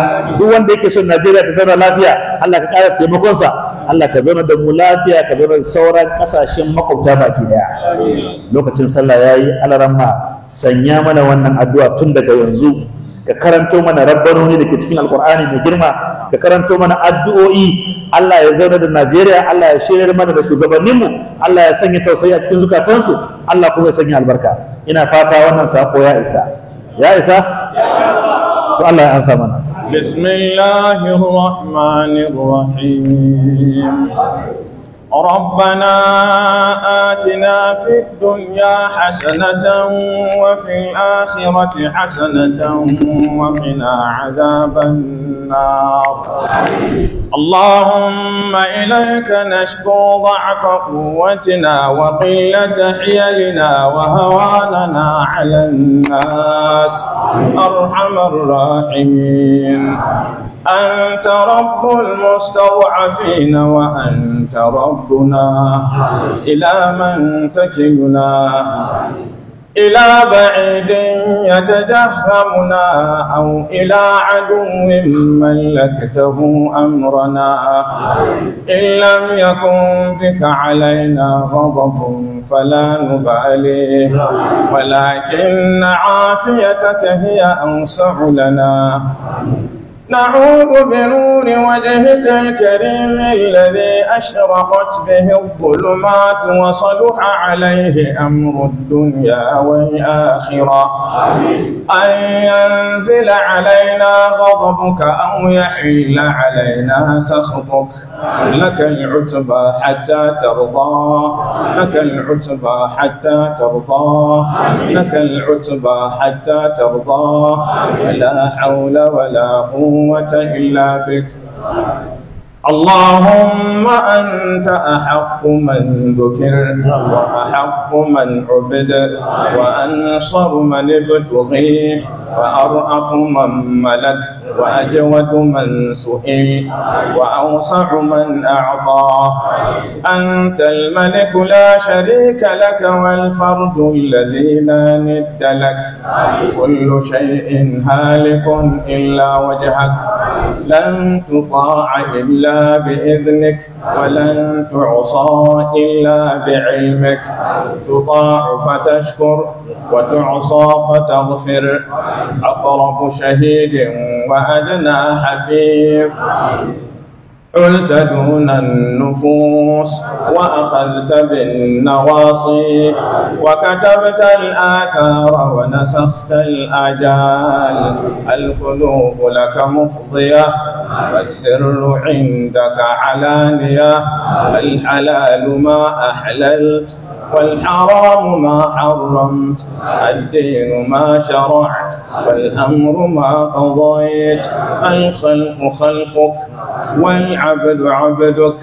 duk wanda yake so Najeriya ta zauna lafiya Allah ka ƙara taimakonsa Allah ka zauna da mu lafiya ka zauna sauran ƙasashen makwabta baki daya lokacin sallah ya yi alaramma sanya mana wannan addu'a tun daga yanzu ka karanto mana rabbanoni da ke cikin alkur'ani mai girma ka karanto mana addu'o'i Allah ya zauna da Najeriya Allah ya shirar mana da shugabanninmu Allah ya sanya tausayi a cikin zukatansu Allah kuma ya sanya albarka ina fata wannan sako ya isa ya isa to Allah ya ansa mana بسم الله ربنا آتنا في الدنيا حسنة وفي الآخرة حسنة وقنا عذاب النار اللهم إليك نشكو ضعف قوتنا وقلة حيلنا وهواننا على الناس أرحم الراحمين أنت رب المستضعفين وأنت ربنا إلى من تكلنا إلى بعيد يتجهمنا أو إلى عدو ملكته أمرنا إن لم يكن بك علينا غضب فلا نبالي ولكن عافيتك هي أوسع لنا نعوذ بنور وجهك الكريم الذي أشرقت به الظلمات وصلح عليه أمر الدنيا والآخرة أن ينزل علينا غضبك أو يحل علينا سخطك لك العتبى حتى ترضى لك العتبى حتى ترضى لك العتبى حتى ترضى ولا حول ولا قوة قوة إلا بك اللهم أنت أحق من ذكر وأحق من عبد وأنصر من ابتغي وأرأف من ملك وأجود من سئل وأوسع من أعطى أنت الملك لا شريك لك والفرد الذي لا ند لك كل شيء هالك إلا وجهك لن تطاع إلا إلا بإذنك ولن تعصى إلا بعلمك تطاع فتشكر وتعصى فتغفر أقرب شهيد وأدنى حفيظ علت دون النفوس وأخذت بالنواصي وكتبت الآثار ونسخت الأجال القلوب لك مفضية والسر عندك علانية الحلال ما أحللت والحرام ما حرمت الدين ما شرعت والأمر ما قضيت الخلق خلقك والعبد عبدك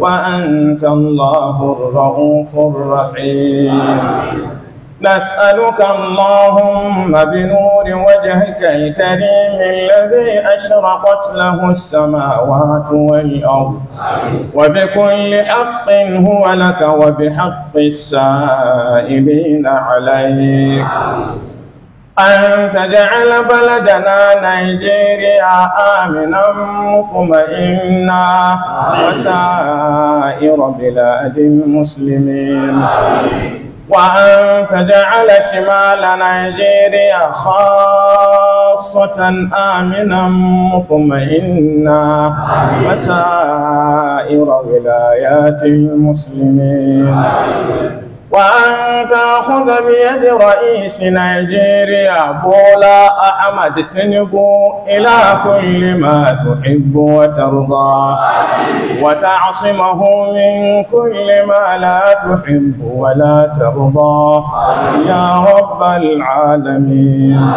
وأنت الله الرؤوف الرحيم نسألك اللهم بنور وجهك الكريم الذي أشرقت له السماوات والأرض وبكل حق هو لك وبحق السائلين عليك أن تجعل بلدنا نيجيريا آمنا مطمئنا وسائر بلاد المسلمين وأن تجعل شمال نيجيريا خاصة آمنا مطمئنا وسائر ولايات المسلمين وأن تأخذ بيد رئيس نيجيريا بولا أحمد تنبو إلى كل ما تحب وترضى وتعصمه من كل ما لا تحب ولا ترضى يا رب العالمين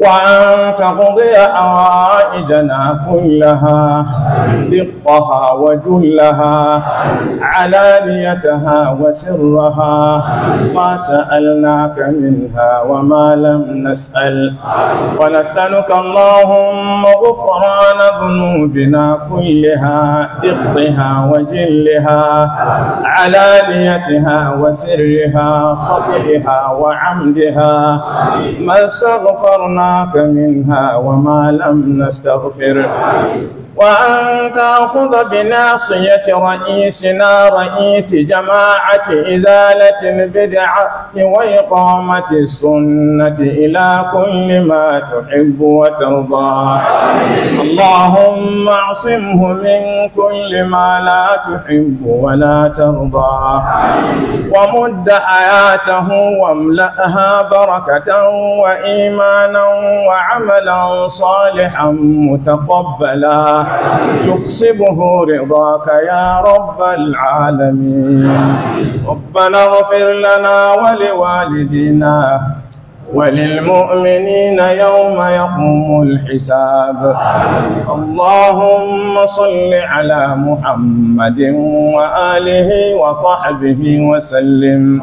وأن تقضي حوائجنا كلها دقها وجلها علانيتها وسرها ما سألناك منها وما لم نسأل ونسألك اللهم غفران ذنوبنا كلها دقها وجلها علانيتها وسرها خطئها وعمدها ما استغفرنا معك منها وما لم نستغفر وأن تأخذ بناصية رئيسنا رئيس جماعة إزالة البدعة وإقامة السنة إلى كل ما تحب وترضى اللهم اعصمه من كل ما لا تحب ولا ترضى ومد حياته واملأها بركة وإيمانا وعملا صالحا متقبلا يكسبه رضاك يا رب العالمين ربنا اغفر لنا ولوالدينا وللمؤمنين يوم يقوم الحساب اللهم صل على محمد وآله وصحبه وسلم